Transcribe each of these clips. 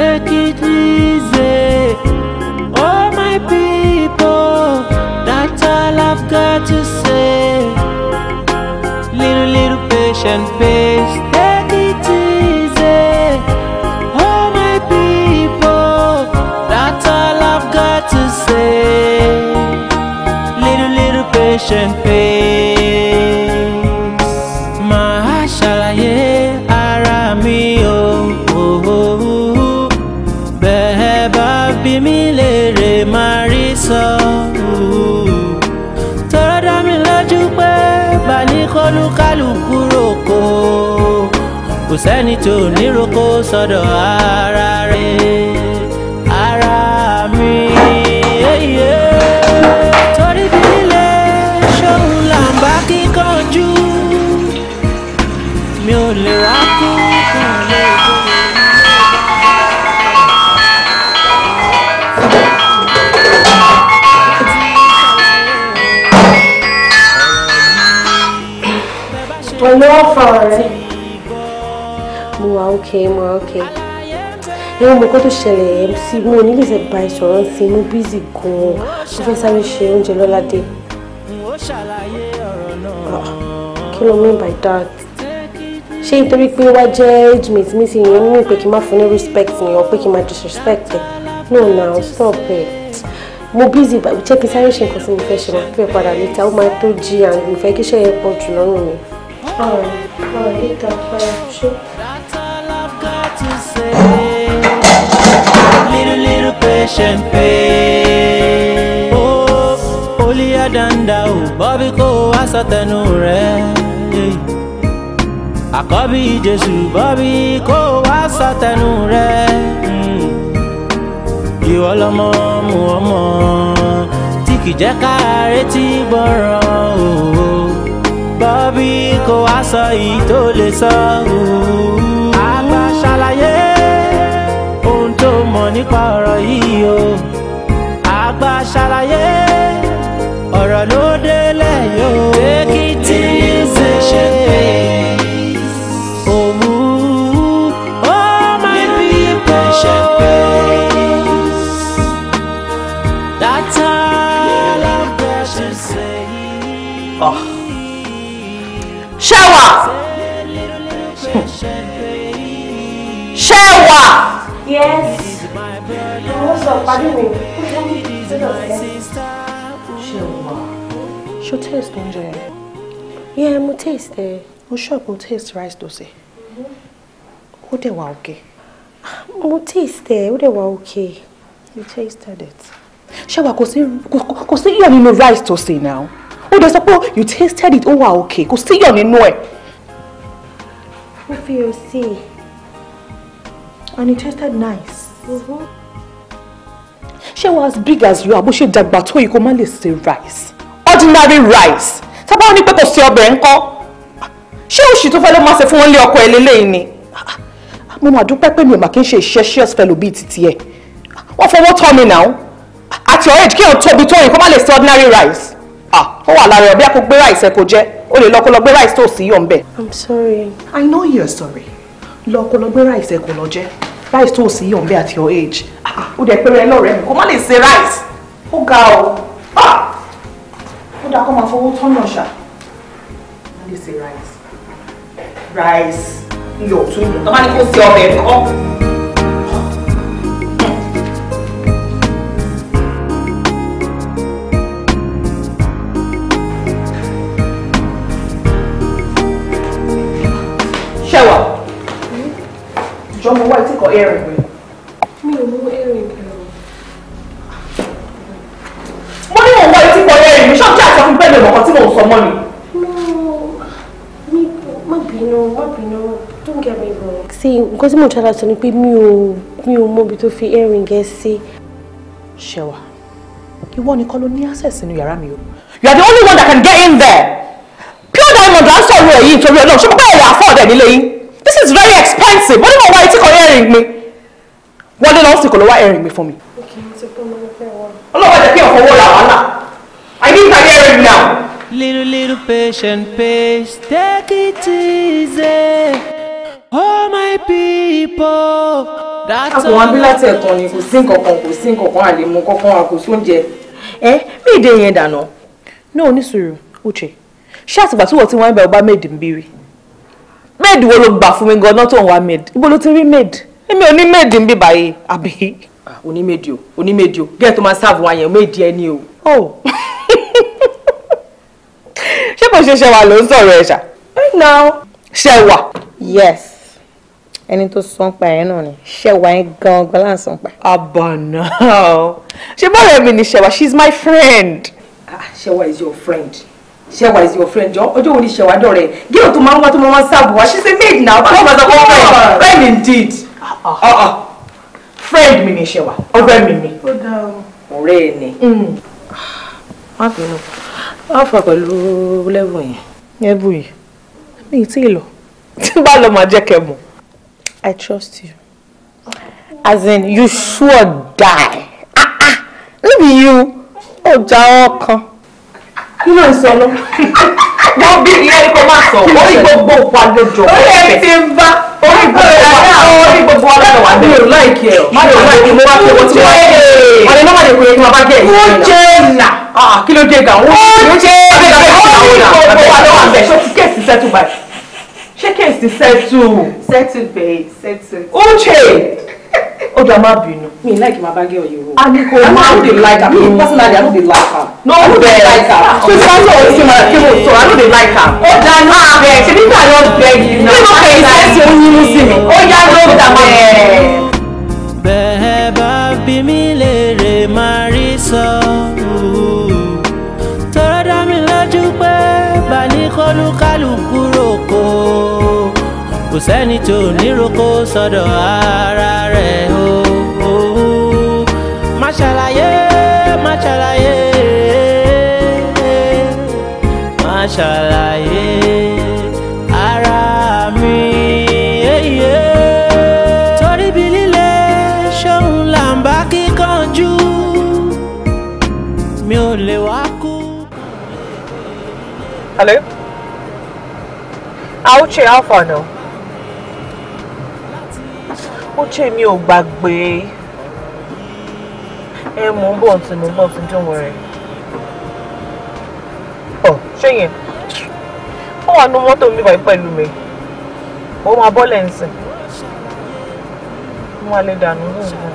Make it easy. Oh, my people, that's all I've got to say. Little, little patient face, take it easy. Oh, my people, that's all I've got to say. Little, little patient face. sẹ́ni tó níròkó sọ́dọ̀ ara rẹ̀ ara mi. torí bí ilé ṣòun là ń bá mi ò lè wá kú kàn lè ẹ̀rọ mọ̀ kọ́ ṣẹlẹ̀ mc mo ò nílè bá ẹ sọ̀rọ̀ ń bízì gan-an mo fẹ́ sáré ṣe oúnjẹ lọ́ládé. Ah, kí ló mean by that? ṣé nítorí pé wá jẹ́ age mate mi sì yẹn mú pé kí n má fún ní respect ni ọ pé kí n má disrespect ẹ no na stop ẹ mo bízì jẹ́ kí n sáré ṣe nǹkan tí mo fẹ́ ṣe máa fẹ́ padà níta ó máa tó jí and mo fẹ́ kí iṣẹ́ yẹn pọ̀ jù lọ́rùn mi. ọ̀rọ̀ ọ̀rọ̀ níta fara ṣé champagne. Oh, holier than thou, Bobby go kò wá sọtẹnu A Àkọ́bí Jésù Bobby go wá sọtẹnu rẹ̀. Hmm. Ìwọ lọmọ mú ọmọ tí kì jẹ́ ká retí Bobby go wá sọ èyí sir. lè sọ. Àgbà tó mọ̀ nípa ọ̀rọ̀ yìí o àgbà ṣàlàyé ọ̀rọ̀ ló délẹ̀ yóò. èkìtì ṣe ṣe pé. òmù ó máa ń bí ṣe pé. that's all I've got to say. Ah. ṣẹ́wà ṣẹ́wà. Yes jọ pàdé mi ṣe wà. ṣó taste oúnjẹ yẹn. yẹ mo taste ẹ mo shop mo taste rice dosa. Who dẹ̀ wà okay? mo taste ẹ ó dẹ̀ wà òkè you tasted it. She ṣé wà kò sí yọ̀ nínú rice dosa now Who dẹ̀ sọ you tasted it Oh wà okay. kò sí yọ̀ nínú ẹ̀. mo fi ò and it tasted nice. Mm-hmm ṣé wọ́n as big as you àbó ṣe dàgbà tó yìí kó má lè ṣe rice ordinary rice tábà wọn ní pé kò sí ọbẹ̀ ńkọ́ ṣé òṣì tó fẹ́ ló máa ṣe fún wọn lé ọkọ ẹ̀ ni mo máa dúpẹ́ pé mi ò mà kí n ṣe ìṣẹ́ṣẹ́ọ̀sì fẹ́ lò bíi títí ẹ̀ wọ́n fọwọ́ tọ́ mi náà àti ọ̀rẹ́ ìdí kéèyàn tóbi tó yìí kó má lè ṣe ordinary rice ah ó wà lára ẹ̀ bí a kò gbé rice ẹ̀ kò jẹ́ o lè lọ lọ gbé rice tó sì yọ̀ ń bẹ̀. I'm sorry. I know you're sorry. lọ kó lọ gbé rice ẹ̀ kò lọ jẹ́ rice tó sì yọ̀ǹbẹ at your age ah, ah, ó dẹ̀ pẹ́rẹ́ lọ́rẹ́ mi kò má lè ṣe rice ó ga o ah! ó dáa kó máa fowó tọ́nà ṣá má lè ṣe rice rice iyọ̀ tún iyọ̀ tó má ní kó ṣe ọbẹ̀ kọ́. jọ mo wá etí kan erin rẹ. mi ò mú erin rẹ o. mo ní mo wá etí kan erin mi ṣọ́ọ̀kì àti ọkùnrin bẹ́ẹ̀ ni ọ̀kan tí mò sọ mọ́ ni. má bínú má bínú don't get me wrong. sí nǹkan tí mo ń ṣàlàyé sọ ni pé mi ò mi ò mọ ibi tó fi erin gẹ̀ sí. ṣẹwà ìwọ nìkan ló ní access nínú yàrá mi o you are the only one that can get in there pure diamond answer rẹ yìí nítorí Ọlọ́run ṣùgbọ́n ẹ wà fọọdẹ nílé yín this is very expensive wọ́n ní mo wá etí kan ẹ̀rìn mi wọ́n ní lọ́sìn kò ló wá ẹ̀rìn mi fún mi. ọlọ́wọ́ jẹ́ kí ọ̀fọ̀ wọ́n là wá náà I need my earring now. Little, little patient, pace, take it easy. Oh my people. That's all. Àwọn abilátì ẹ̀kan ni kò sí nǹkankan kò sí nǹkankan àlèmú kankan àkó sóúnjẹ. Ẹ méde yẹn dànù. Náà oníṣòro Uche, ṣé àtìgbà tí wọ́n ti wọ́n ń bẹ ọba méde ń bírí? Made wo lo gba fún mi gan-an tó ń wá maid ibo ló ti rí maid èmi ò ní maid ń bí báyìí àbí. Ah, onímèdì o onímèdì o gẹ́ẹ̀ tó máa ṣáàbù wa yẹn méjì ẹ ní o. Oh. ṣé kò ṣe ṣẹwà ló ń sọ̀rọ̀ ẹ̀ ṣá. now ṣẹwà. yes ẹni tó sanpa ẹ̀ náà ni ṣẹwà yẹn gan-an gan láǹ sanpa. àbànà ṣé bọ́ọ̀rẹ̀ mi ni ṣẹwà she is my friend. ah ṣẹwà is your friend She was your friend jọ ọjọ́ wo ni Shewa dọ̀rẹ́ gíl tó máa ń wá tó máa ń sáàbù wá she's a maid now kọ́ ọ̀gbọ́n sọ́kọ́ friend friend indeed ah, ah. Ah, friend mi ni Shewa ọ̀rẹ́ mi ni ọ̀rẹ́ ni. Mm. má bínú wá fà pẹ̀lú lẹ́bùn yẹn ẹ̀bùn yìí mi ì tí ì lọ tí bá lọ máa jẹ́ kẹ́ mọ̀ I trust you as in you sure die Ah yìí ó jà ọ́ kan kí ló ń sọ lọ. wọ́n bí ilé ẹ̀kọ́ máa sọ orí gbogbo wa ló jọ wọ́n fẹ́. orí ẹ̀ ti ń bá orí gbogbo wa orí gbogbo wa lọ́dọ̀ wa bẹ́ẹ̀. mi ò láìkí ẹ̀ má lọ láìkí mo bá fi owó tí wọ́n yé e. ọ̀rẹ́ náà má bá jẹ́ ìṣẹ́. ó jẹ́ nà. kí ló dé gan. ó jẹ́ nà orí gbogbo wa lọ́wọ́ bẹ̀ ṣó kéèsì sẹ́tù báyìí. ṣé kéèsì sẹ́tù. sẹ́tù bẹ́ẹ̀ sẹ́tù. ó jẹ́ ó dá my bínú. Me like my baggy or you. i mean i no dey like her. me personally i no dey like her. no i no dey like her. so it's not so my people so i no dey like am. ó dá má bẹ ṣe nígbà yóò bẹ yìí náà. nínú kẹyìn sẹ́sì ó yín sí mi. ó yá ló dá má bẹ. bẹ́ẹ̀ bá bí mi léèrè máa rí sọ. tọ́rọ dá mi lójú pé bàní kọlùkálùkù kò sẹ́ni tó níroko sọ́dọ̀ ara rẹ̀ o. má ṣàlàyé má ṣàlàyé má ṣàlàyé ara mi. torí bí líle ṣóun là ń bá kíkanjú mi ò lè wá kú. Hello? Auchi, how far now? Oche mi ò gbàgbé. Ẹ mò ń bọ̀ tí mò ń tí don't worry. Ọ̀ ṣé yẹn? Ó wà nú mọ́tò mi báyìí pẹ̀lú mi. Ó máa bọ́ lẹ́ǹsìn. Mo wà lè dànù ní ìlú.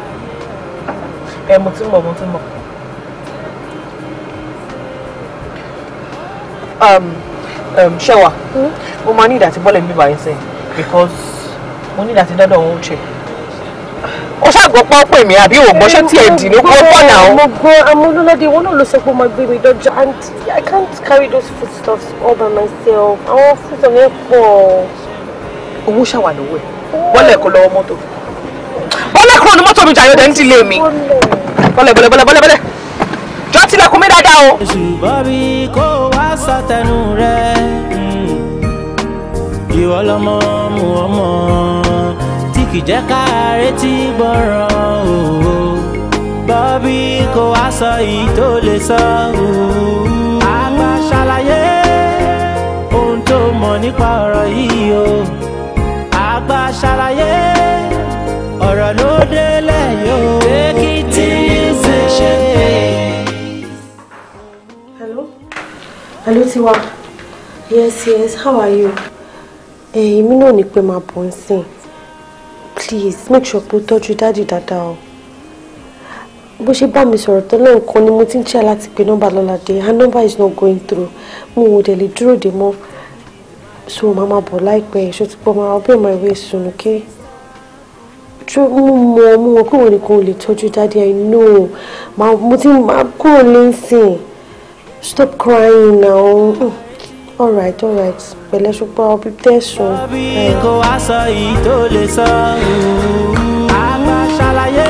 Ẹ mo ti mo ti ń bọ̀. Um, um, Ṣẹ́wà, hmm? mo máa ní ìdàtí bọ́lẹ̀ mi báyìí sẹ́yìn because mo ní ìdàtí dọ́dọ̀ òun ó ṣe ó ṣàgbọ́ pọ́n pè mí àbí òògbọ́n ṣé tiẹ̀ dì ló gbọ́ pọ̀ náà. mo gbọ́ amúlọ́lọ́dẹ wọn náà ló sọ pé mo gbé mi dọ́jà and I can't carry those food stuffs all by myself àwọn foodstuffs yẹn pọ̀. owó ṣàwà lówó ẹ̀ bọ́lẹ̀ kó lọ́wọ́ mọ́tò bọ́lẹ̀ kúrò ní mọ́tò mi jàyọ̀ dẹ́ni ti lé mi bọ́lẹ̀ bọ́lẹ̀ bọ́lẹ̀ bọ́lẹ̀ bọ́lẹ̀ jọ tilẹ̀kùn mi dáadáa o. ṣùgbọ́n bí kò wá sọtẹnu rẹ̀ hmm kì jẹ́ ká retí gbọ́ràn o bọ́bí kò wá sọ yìí tó lè sọ o. àgbà ṣàlàyé ohun tó mọ̀ nípa ọ̀rọ̀ yìí o àgbà ṣàlàyé ọ̀rọ̀ ló délẹ̀ yóò. èkìtì ṣe ṣe hello hello Tiwa yes yes how are you? Eh, èyí mi náà ní pé máa bọ̀ ń sìn please make sure pé o tọ́jú dáàdì dáadáa o bó ṣe ba mi sọ̀rọ̀ tán lẹ́ẹ̀kan ni mo ti ń ṣe láti pe nọ́mbà lọ́ládé her number is not going through mo ò dẹ̀ lè dúró dè mọ́ so màá máa bọ̀ láìpẹ́ ṣó ti pọ̀ máa ọbẹ̀ máa ìwé sùn kí tí mo mọ mo mọ pé wọn ni kò lè tọ́jú dáàdì I know mo ti máa kúrò lẹ́sìn stop crying now. Mm all right all right pẹ̀lẹ́ ṣùgbọ́n ọbí tẹ̀sán. ọbí kò wá sọ yìí tó lè sọ àgbà ṣàlàyé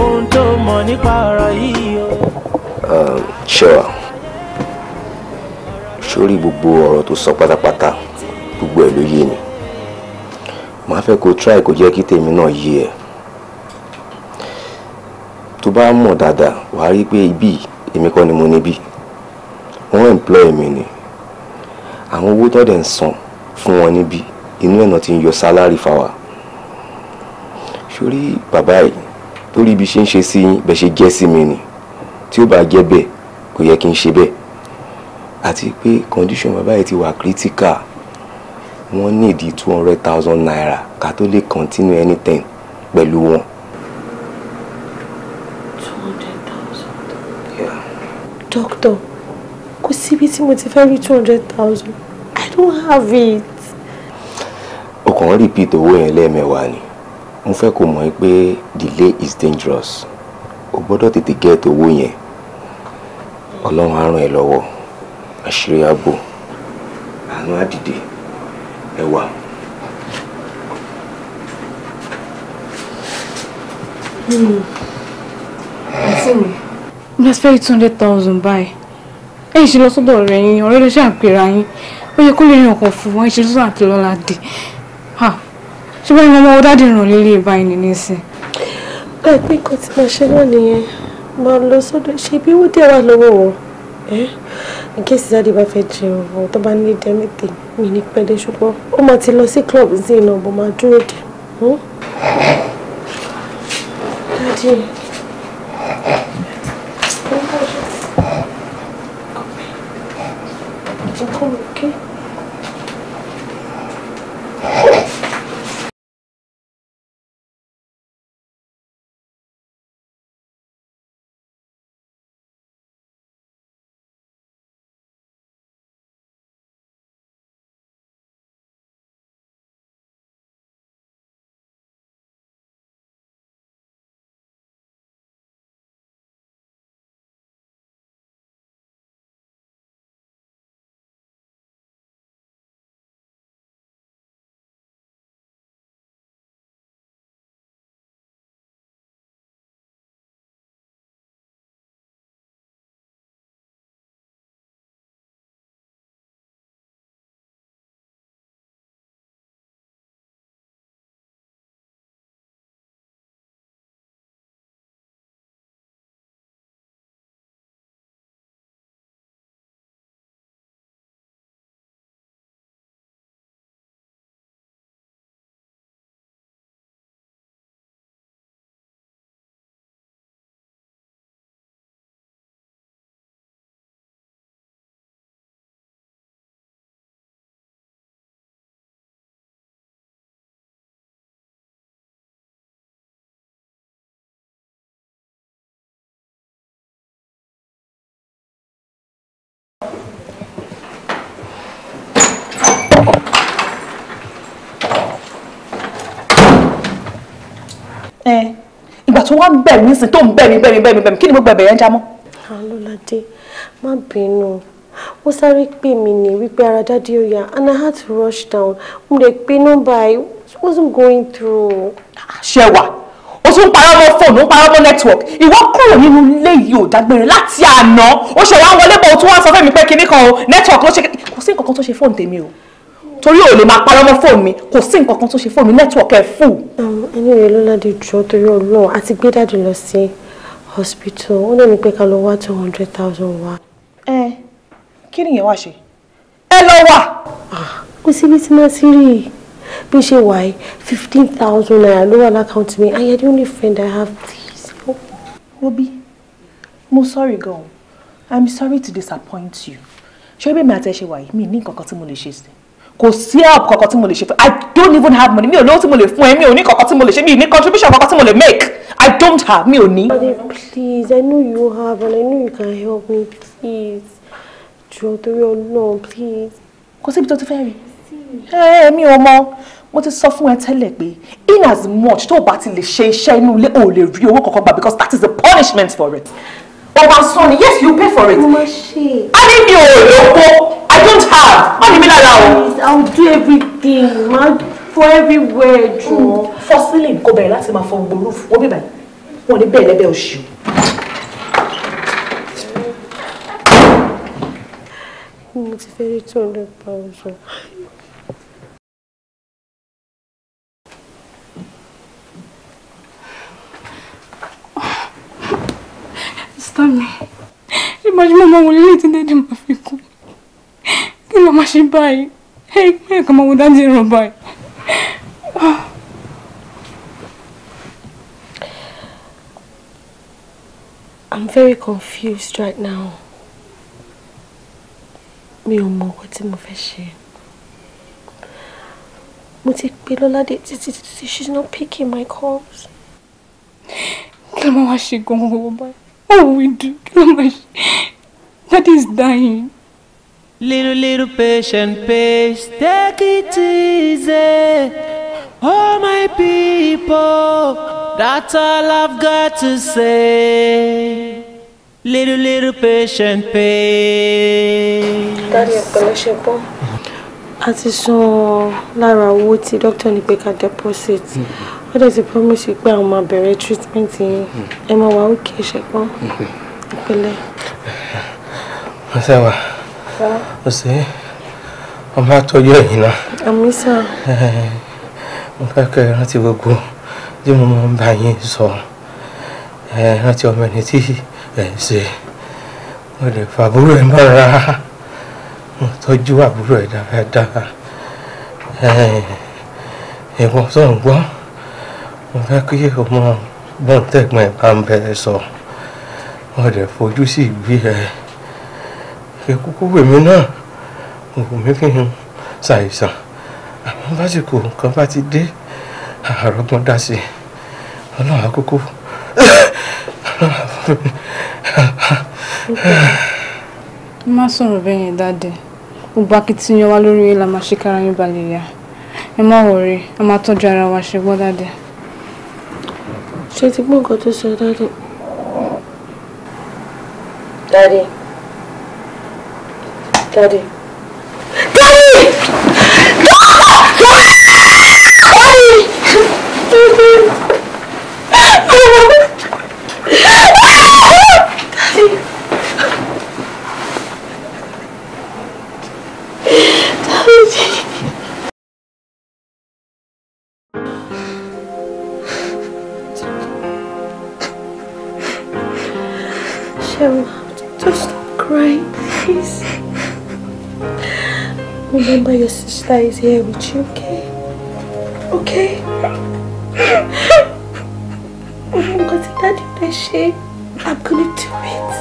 ohun tó mọ̀ nípa ọ̀rọ̀ yìí o. Um, ṣẹ́wà sórí gbogbo ọ̀rọ̀ tó sọ pátápátá gbogbo ẹ̀ ló yé ni màá fẹ́ kó try kó jẹ́ kí tèmi náà yé ẹ̀ tó bá mọ̀ dáadáa wàá rí i pé ibi èmi kọ́ ni mo níbí wọ́n employ mi ni àwọn owó tó dẹ̀ ń san fún wọn níbi inú ẹ̀nà ti ń yọ sálárì fáwa sórí bàbá yìí lórí ibi ṣe ń ṣe sí yín bẹ́ẹ̀ ṣe jẹ́ sí mi ni tí ó bá jẹ́ bẹ́ẹ̀ kò yẹ kí n ṣe bẹ́ẹ̀ àti pé condition bàbá yìí ti wà critical wọ́n need ìdí two hundred thousand naira ká tó lè continue anything pẹ̀lú wọn. two hundred thousand. Yeah. doctor kò síbi tí mo ti fẹ́ rí two hundred thousand i don't have it. o kàn ń repeat owó yẹn lẹ́ẹ̀mẹ́wàá ni mo fẹ́ kó mọ̀ pé delay is dangerous o gbọ́dọ̀ tètè get owó yẹn ọlọ́run á ràn ẹ́ lọ́wọ́ àṣírí ààbò àánú àdìdè ẹwà. Mm. That's me. Let's pay 200,000, bye ẹ̀yin ṣe lọ sọ́dọ̀ rẹ̀ yín ọ̀rẹ́ ló ṣàpèrà yín ó yẹ kó lè rìn ọkàn fún wọn ìṣèlú sọ́dọ̀ àti lọ́la dé ṣùgbọ́n ìmọ̀ ọmọ ọ̀dádì ràn lélẹ̀ báyìí ní nísìn. ẹ pé nǹkan tí màá ṣe náà nìyẹn máa lọ sọ́dọ̀ ṣe bí wọ́n dẹ̀ wà lọ́wọ́ wọn gẹ́sì jáde bá fẹ́ jẹun ọ̀hún tó bá ní dẹ́mìtì mi ní pẹ́lẹ́ ṣùgbọ́n ó club zina ọ̀bọ̀n máa dúró ìgbà tó wá ń bẹ̀ mí sí tó ń bẹ̀ mí bẹ̀ mí bẹ̀ mí bẹ̀ mí kí ni mo gbẹ̀bẹ̀ yẹn já mọ́. alóládé má bínú ó sáré pè mí ní wípé ara dádì ó and i had to rush down mo lè pe nọ́mbà i wasn't going through. ṣẹwà o tún parọ́ mọ́ fóònù ó parọ́ mọ́ network ìwọ kúrò nínú ilé yìí ò dágbére láti àná ó ṣe wá wọlé bọ̀ ó tún wá sọ fún mi pé kinní kan o network ló ṣe kò sí nǹkan kan tó ṣe fóònù tèmi o torí ò lè máa parọ́ mọ́ fóònù mi kò sí nǹkan kan tó ṣe fóònù nẹ́tíwọ̀kì ẹ̀ fù. ẹni um, rẹ lọ́ládé jọ torí ọlọ́run àti gbé dáàdì lọ sí hospital ó lè ní pé ká lọ wá two hundred thousand wá. ẹ kí nìyẹn wá ṣe ẹ lọ wà. Ah, kò síbi tí màá sí rí i bí ṣe wà yìí fifteen thousand naira ló wà lákàntì mi I am the only friend I have this. Obi mo sorry gan I'm sorry to disappoint you ṣé bí mi àti ẹ ṣe wà yìí mi ní nǹkan kan tí mo lè ṣe sí i kò sí help kankan tí mo lè ṣe fún i don't even have money mi ò lówó tí mo lè fún ẹ mi ò ní kankan tí mo lè ṣe mi ò ní contribution kankan tí mo lè make i don't have mi ò ní. please i know you have and i know you can help me please jọ̀ọ́ torí Ọlọ́run please. kò síbi tó ti fẹ́ rí ẹ mi ò mọ mo ti sọ fún ẹ tẹ́lẹ̀ pé in as much tó o bá ti lè ṣe iṣẹ́ inú ilé o lè rí owó kankan gbà because that is the punishment for it. ọba sọ ni yes you pay for it. mo máa ṣe. a ní mi ò lóko. I don't have. Má ní mi lára o. I will do everything. man. For everywhere jù. Hmm. Fọ sílìn kò bẹ̀rẹ̀ láti máa fọ gbogbo rúfù. Wọ́n bíbẹ̀ wọ́n the bed lẹ́bẹ̀ẹ́ oṣù. Mo ti fẹ́ rí two hundred pounds. Stop me. Imagine mama will lead in the dream of you kí ló máa ṣe báyìí ẹgbẹ́ ẹ̀ka máa wo dájú ìrọ̀ I'm very confused right now. Mi ò mọ nǹkan tí mo fẹ́ ṣe. Mo ti pe Lọ́ládé títí títí she's not picking my calls. Kí ló máa wá ṣe gan-an wọ́n báyìí? What will we do? Kí ló máa ṣe? Daddy is dying. Little, little patient pace, take it easy. Oh, my people, that's all I've got to say. Little, little patient pace. Daddy, ọ̀pọ̀lọpọ̀ a ti san lára owó tí dókítà ní pé ká deposit ó dẹ̀ ti promise pé àwọn máa bẹ̀rẹ̀ treatment yẹn ẹ máa wà ó kì í ṣe pọ́n ìpínlẹ̀. ọ̀sẹ̀ wa ọ̀sẹ̀ ọmọ àtọ́jú ẹ̀yìn náà. àmì sà. mo fẹ́ kẹ́ ẹ rántí gbogbo tí mo máa ń bá yín sọ ẹ rántí ọmọ ẹni tí ẹ ń ṣe mo lè fa àbúrò ẹ mọ́ra mo tọ́jú àbúrò ẹ dáadáa ìwọ̀n tó ń gbọ́ mo fẹ́ kí o mọ gbọ́n tẹ̀gbọ́n ẹ̀ bá ń bẹ̀rẹ̀ sọ mo lè fojú sí ìgbé kí kúkú wèmí náà òwò mi kí n ṣàìsàn àmọ́ básìkò nǹkan bá ti dé àrọ́gbọ́n dá sí i ọlọ́run àkókò má sọ̀rọ̀ bẹ́ẹ̀ yẹn dáadé gbogbo akitiyan wa lórí ilà máa ṣe kára yín balẹ̀ yá ẹ má wọ̀rẹ́ a máa tọ́jú ara wa ṣe gbọ́ dáadé. ṣe ti gbọ́ nǹkan tó sọ dáadé. dáadé. Daddy. remember your sister is here with you, okay? Okay? I'm oh going to daddy the shade. I'm gonna do it.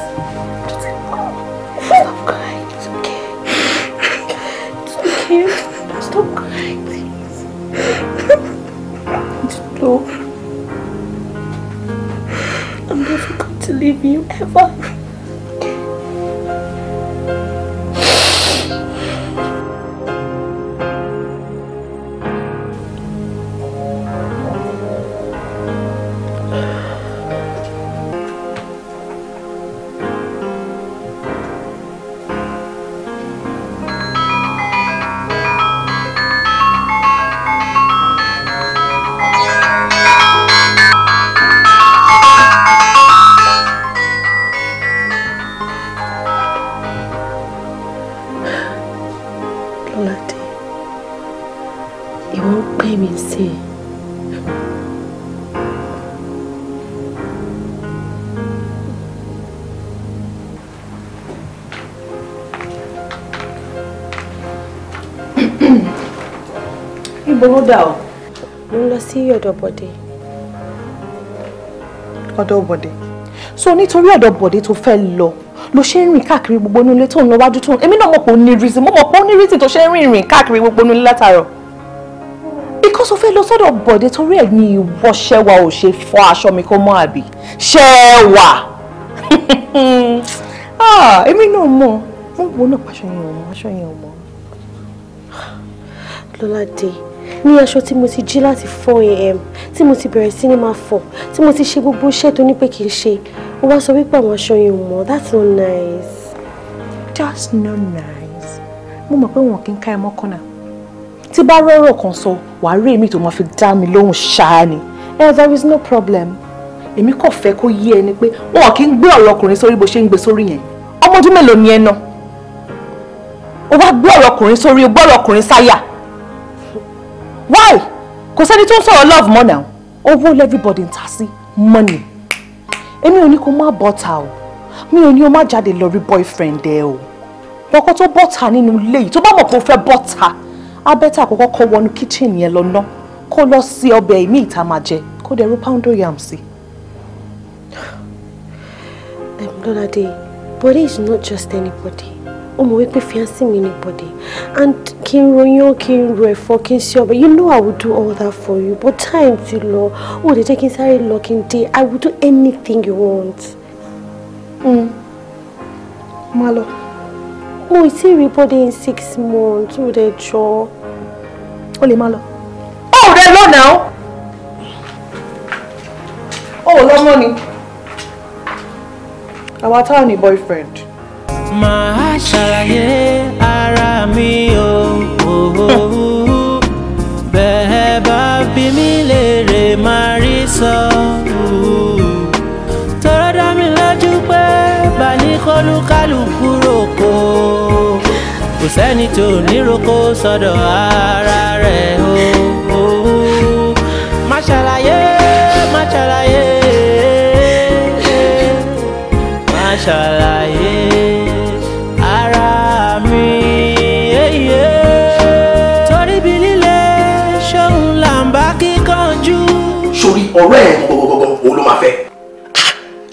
Stop crying, it's okay. It's okay. Stop crying, please. No. I'm never going to leave you ever. gbogbo dà o. mo ń lọ sí ọ̀dọ̀ bọ̀dé. ọ̀dọ̀ bọ̀dé so nítorí ọ̀dọ̀ bọ̀dé tó fẹ́ lọ ló ṣe ń rìn káàkiri gbogbo nílé tó ń lọ wájú tó ń èmi náà mọ̀ pé ó ní reason mo mọ̀ pé ó ní reason tó ṣe ń rìn rìn káàkiri gbogbo nílé látàárọ̀ because o fẹ́ lọ sọ́dọ̀ bọ̀dé torí ẹ̀ ní ìwọ ṣẹ́wà ò ṣe fọ aṣọ mi kó mọ́ àbí ṣẹ́wà ah, èmi náà mọ̀ wọ́n wo náà pàṣẹ yẹn ò mọ̀ aṣọ yẹn ò mọ̀ lọ́ládé ní aṣọ tí mo ti jí láti four a.m. tí mo ti bẹ̀rẹ̀ sí ní máa fọ̀ tí mo ti ṣe gbogbo iṣẹ́ tó ní pé kì í ṣe ó wá sọ wípé àwọn aṣọ yẹn ò mọ́ that's not nice. that's not nice. mo mọ̀ pé wọn kì í ká ẹ mọ́kàn náà tí bá rọ́rọ̀ kan sọ wàá rí èmi tó máa fi dá mi lóhùn ṣáá ni eh there is no problem èmi kò fẹ́ kó yé ẹni pé wọn kì í gbé ọ̀rọ̀ ọkùnrin sórí bó ṣe ń gbé sórí yẹn ọmọ ọdún mélòó ni ẹ ná o wá gbé ọ̀rọ̀ sórí o gbọ́ ọ̀rọ̀ sáyà why kò sẹ́ni tó ń sọ̀rọ̀ love mọ́ náà owó lẹ́fíbọ̀dì ń ta sí money èmi ò ní kó má bọ́ta o mi ò ní o má jáde lọ rí boyfriend ẹ o kọ́kọ́ tó bọ́ta nínú ilé yìí tó bá mọ̀ pé o fẹ́ bọ́ta abẹ́ta kọ́kọ́ kọ́ wọnú kitchen yẹn lọ ná kó lọ sí ọbẹ̀ ìmí ìta máa jẹ kó dẹ̀ ro poundo yam sí. Lọ́ládé, body is not just anybody ó mọ̀ wípé fiancé mi ni bọ̀dé and kí n royán kí n ro ẹ̀fọ́ kí n ṣe ọbẹ̀ you know i will do all that for you but time ti lọ ó lè jẹ́ kí n sáré lọ kí n dé i will do anything you want. Mm. má lọ. o ì tí ì rí bọ́dé in six months ó lè jọ. o lè má lọ. ó rẹ lọ́nà ó lọ́mọ ni. àwa táwọn ni boyfriend máa ṣàlàyé ara mi o. bẹ́ẹ̀ bá bí mi léèrè máa rí sọ. tọ́rọ dá mi lójú pé bani kọlùkálùkù roko kò sẹ́ni tó níroko sọ́dọ̀ ara rẹ̀ o. má ṣàlàyé má ṣàlàyé má ṣàlàyé. ọ̀rẹ́ ẹ̀ gbọ̀gbọ̀gbọ̀ òun ló máa fẹ́.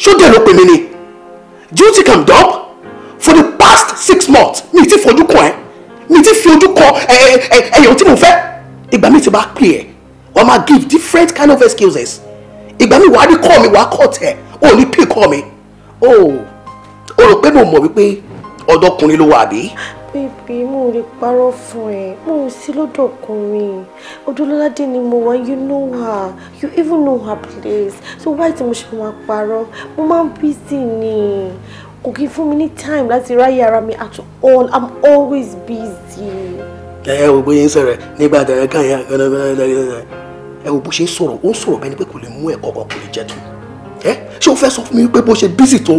ṣódì ẹ̀ ló pè mí ni duty can dump for the past six months mi ti fojú kan ẹ mi ti fi ojú kan ẹyọ tí mo fẹ́ ìgbà mi ti bá pè ẹ wọ́n máa give different kind of excuses ìgbà mi wàá rí kọ́ mi wàá kọ́ tẹ̀ ò ní pè kọ́ mi o rò pé mo mọ̀ wípé ọ̀dọ́kùnrin ló wà bí bébí mo lè parọ́ fún ẹ mo ò sí lọ́dọ̀kùnrin odúlọ́ládé ni mo wá you know her you even know her place so why tí mo ṣe máa parọ́ mo máa ń busy ni kò kí fún mi ní time láti ráyè ara mi at all i'm always busy. ẹ ẹ wo bóyá ń sọ̀rọ̀ nígbà tó ẹ kàn yá ẹ wo bó ṣe ń sọ̀rọ̀ ó ń sọ̀rọ̀ bẹ́ẹ̀ ni pé kò lè mú ẹ̀ kọ̀ọ̀kan kò lè jẹ́ tó ẹ ṣé o fẹ́ sọ fún mi pé bó ṣe bísí tó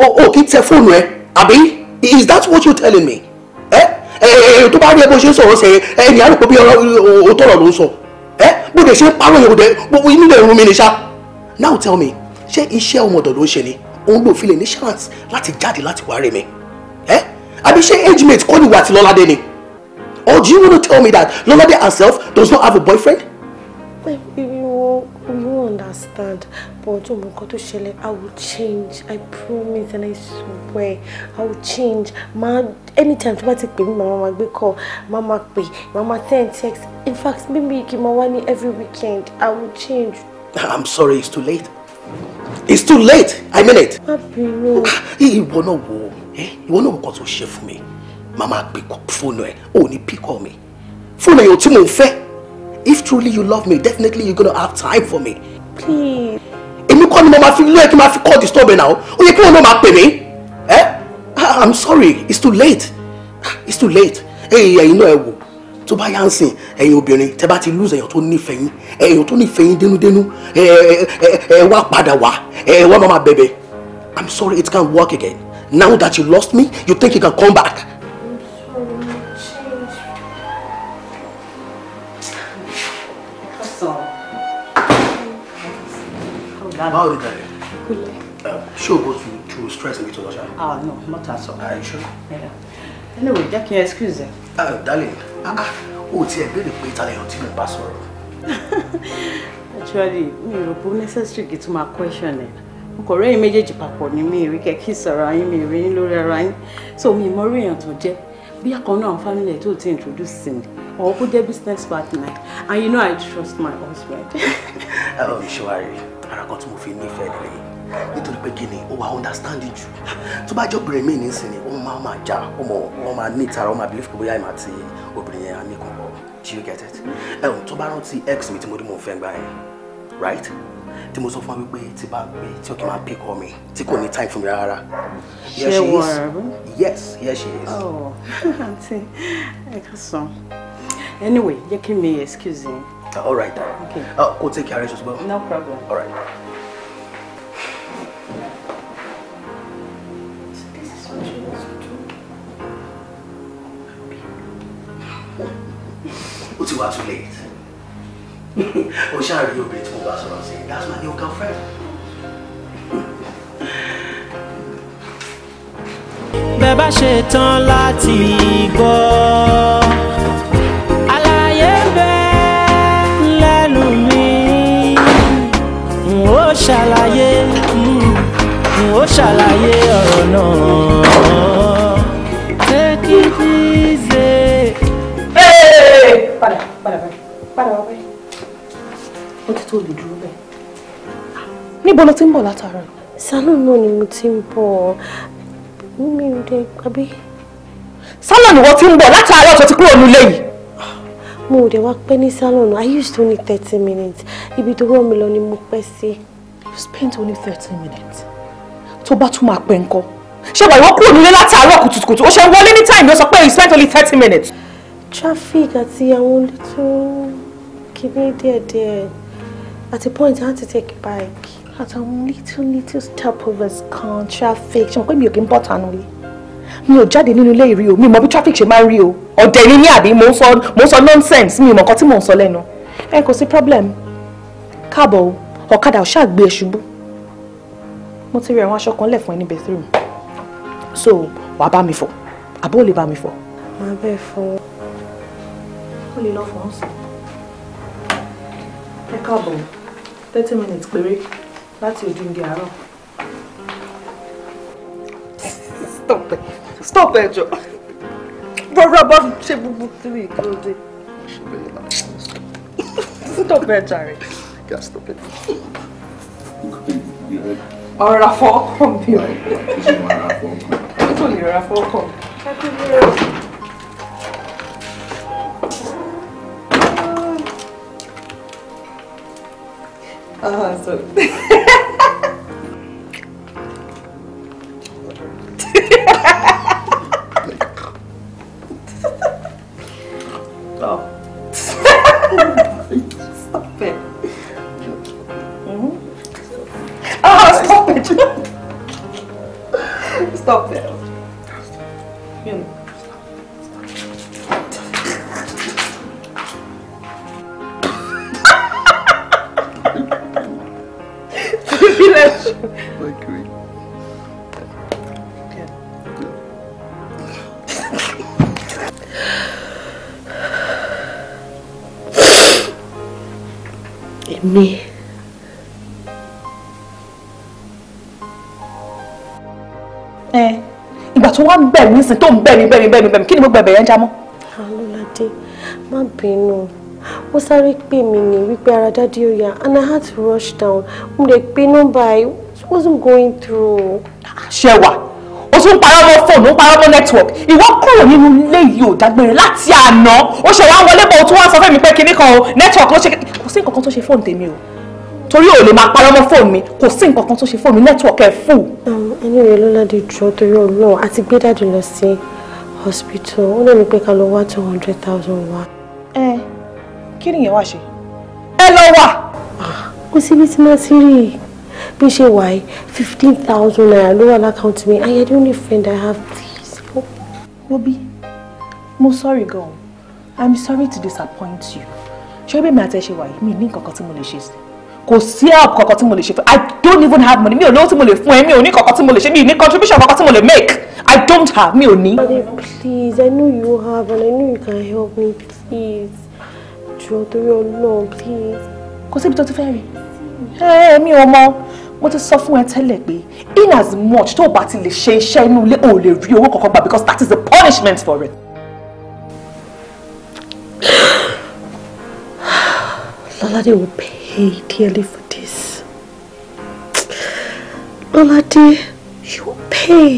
o kì í tẹ fóònù ẹ àbí is that what you telling me ẹ eh? eh, eh, tó bá rí ẹ bó ṣe ń sọ̀rọ̀ ṣe ẹ ní àrùkọ bí òótọ́ ọ̀rọ̀ ló ń sọ ẹ bó dẹ̀ ṣe ń parọ́ yẹn bó inú lè rún mi ní ṣá now tell me ṣé iṣẹ́ ọmọdọ̀ ló ń ṣe ni òun ló fi lè ní chance láti jáde láti wá rẹ̀ mi ẹ àbí ṣé age mate kọ́ ni wà tí lọ́ládé ni or do you wanna tell me that lọ́ládé herself does not have a boyfriend o you understand but o mọ nǹkan tó ṣẹlẹ̀ i will change i promise and i swear i will change ma anytime tó bá ti pè mí màmá ma call mama pè mama send text in fact maybe kí n máa wá ní every weekend i will change. i'm sorry it's too late it's too late i mean it. má bínú. He ah, náà wò ó ìwọ náà nǹkan to share for me. Mama gbé fóònù ẹ Oh, ní pick mi me. Phone ò tí mò ń if truly you love me definitely you're gonna have time for me. please. èmi kọ́ ni mo máa fi lóye kí n fi call disturb ẹ̀ náà ó yẹ kí wọn náà máa pè mí. Ah, i'm sorry it's too late ah, it's too late ẹ̀yin ẹ̀yin náà ẹ To tó bá yá ń sìn ẹ̀yin obìnrin tẹ́ bá ti lose èèyàn tó nífẹ̀ẹ́ yín èèyàn tó nífẹ̀ẹ́ yín dénúdénú ẹ ẹ wá padà wá ẹ wá máa bẹ̀bẹ̀ i'm sorry it can't work again now that you lost me you think you can come back Báwo ni tẹ̀lé? Kúlẹ̀. Ṣé o go to stress a little, lọ Ah no, not at all. Are you sure? Yeah. Anyway, jẹ́ kí n excuse me. Ah, darling, ah ah, o ti ẹ̀ béèrè pé ìtàlẹ̀ ọ̀tí mi bá Actually, we ò rò pé necessary kí tún máa question ẹ̀ ọkọ̀ rẹ́ yín méjèèjì papọ̀ ní mi rí kẹ́kí sọ̀rọ̀ ayín mi rí yín lórí ara yín so mi mọ orí èèyàn tó jẹ́ bí àkànnà àwọn family tó ti introduce sí mi ọ̀hún kó business partner and you know I trust my husband. ẹ ò ṣe wá ara kan tí mo fi nífẹ̀ẹ́ rẹ̀ nítorí pé kí ni ó wà understand jù tó bá jẹ́ obìnrin míì nísìnyí ó máa máa já ó mọ̀ wọ́n máa ní ìtara ó máa believe pé ìmọ̀ àti obìnrin yẹn ní kan bọ̀ do you get it? ẹ̀hún tó bá rántí ex mi tí mo dé mo fẹ́ gbà yẹn right? tí mo sọ fún wa wípé tí bá gbé tí ó kì í máa pick on mi tí kò ní time fún mi rárá. ṣé wọ́n rà bó? yes she is. ọ̀ àǹtí ẹ̀ka sàn anyway jẹ́ kí mi excuse yín. Uh, all right. Okay. Uh, go take care of as well. No problem. All right. So this is what you want to do. Ó ti too late. Ó ṣáà rí obìnrin tí mo bá sọ̀rọ̀ sí. That's my new girlfriend. Beba bá ṣe tán ṣàlàyé ọ̀rọ̀ náà. Take it easy. Padà padà báyìí, padà wá báyìí. Ó ti tó olùdúró bẹ́ẹ̀. Níbo lo ti ń bọ̀ látara? Sálọ̀ náà ni mo ti ń bọ̀. Mímí ò dé gbàgbé. Sálọ̀ ni wọ́n ti ń bọ̀ látàárọ̀ tó ti kúrò nílé yìí mo ò dẹ̀ wá pẹ́ ní salon i used only thirty minutes ibi tó rọ̀ mi lọ ni mo pẹ́ sí. you spent only thirty minutes tó bá tún máa pẹ́ ńkọ́ ṣé wà ìwọ kúrò nílé látàárọ̀ kùtùkùtù ó ṣe wọlé ní time ló sọ pé you spent only thirty minutes. traffic àti àwọn olùtú kìíní díẹ̀díẹ̀ at a point i had to take a bike at a little little stopovers kan traffic ṣe wọn pé mi ò kí ń bọ̀ tánú rí mi ò jáde nínú ilé ìrí o mi mọ bí traffic ṣe máa ń rí o ọ̀dẹ̀ ni ní àbí mo ń sọ mo ń nonsense mi ò mọ̀ nǹkan tí mò ń sọ lẹ́nu ẹ kò sí problem káàbọ̀ o ọ̀kadà ò ṣáà gbé e ṣubú mo ti rí àwọn aṣọ kan lẹ̀ fún ẹ ní bathroom so wà á bá mi fọ àbó ò lè bá mi fọ. màá bẹ́ẹ̀ fọ. ó lè lọ fọ́n sùn. ẹ káàbọ̀ thirty minutes péré láti òdìndín àárọ̀. stop it stop it jọ rọra bá mi ṣe gbogbo three kí ló dé. stop it jàre. yeah stop it ọ̀rọ̀ ra fọ́ọ̀kàn bí o. kò lè ra fọ́ọ̀kàn. Ah, so. stop there. bẹ́ẹ̀ nísìn tó ń bẹ́ẹ̀ mi bẹ́ẹ̀ mi bẹ́ẹ̀ mi bẹ́ẹ̀ mi kí ni mo gbẹ̀bẹ̀ yẹn já mọ́. alọ́ládé má bínú ó sáré pè mí ní wípé ara dádì ó yá and i had to rush down mo lè pe nọ́mbà i wasn't going through. ṣẹwà o tún parọ́ mọ́ fóònù ó parọ́ mọ́ network ìwọ kúrò nínú ilé yìí ò dágbére láti àná ó ṣe wá wọlé bọ̀ ó tún wá sọ fún mi pé kinní kan o network ló ṣe kò sí nǹkan kan tó ṣe fóònù tèmi o torí ò lè máa parọ́ mọ́ fóònù mi kò sí nǹkan kan tó ṣe fóònù mi nẹ́tíwọ̀kì ẹ̀ fún. ẹni rẹ lọ́ládé jọ torí ọlọ́run àti gbé dáàdì lọ sí hospital ó lè ní pé ká lọ wá two hundred thousand wá. ẹ kí nìyẹn wá ṣe ẹ lọ wà. Ah, kò síbi tí mo ti rí i bí ṣe wà yìí fifteen thousand naira ló wà lákàntì mi I am the only friend I have this. Obi mo sorry gan-an I'm sorry to disappoint you ṣé bí mi àti ẹ ṣe wà yìí mi ní nǹkan kan tí mo lè ṣe sí kò sí help kankan tí mo lè ṣe fún i don't even have money mi ò lówó tí mo lè fún ẹ mi ò ní kankan tí mo lè ṣe mi ò ní contribution kankan tí mo lè make i don't have mi ò ní. please i know you have and i know you can help me please jọ̀ọ́ torí Ọlọ́run please. kò síbi tó ti fẹ́ rí ẹ mi ò mọ mo ti sọ fún ẹ tẹ́lẹ̀ pé in as much tó o bá ti lè ṣe iṣẹ́ inú ilé o lè rí owó kankan gbà because that is the punishment for it. Lọ́ládé will pay. Hate dearly for this. Lola dear, you pay.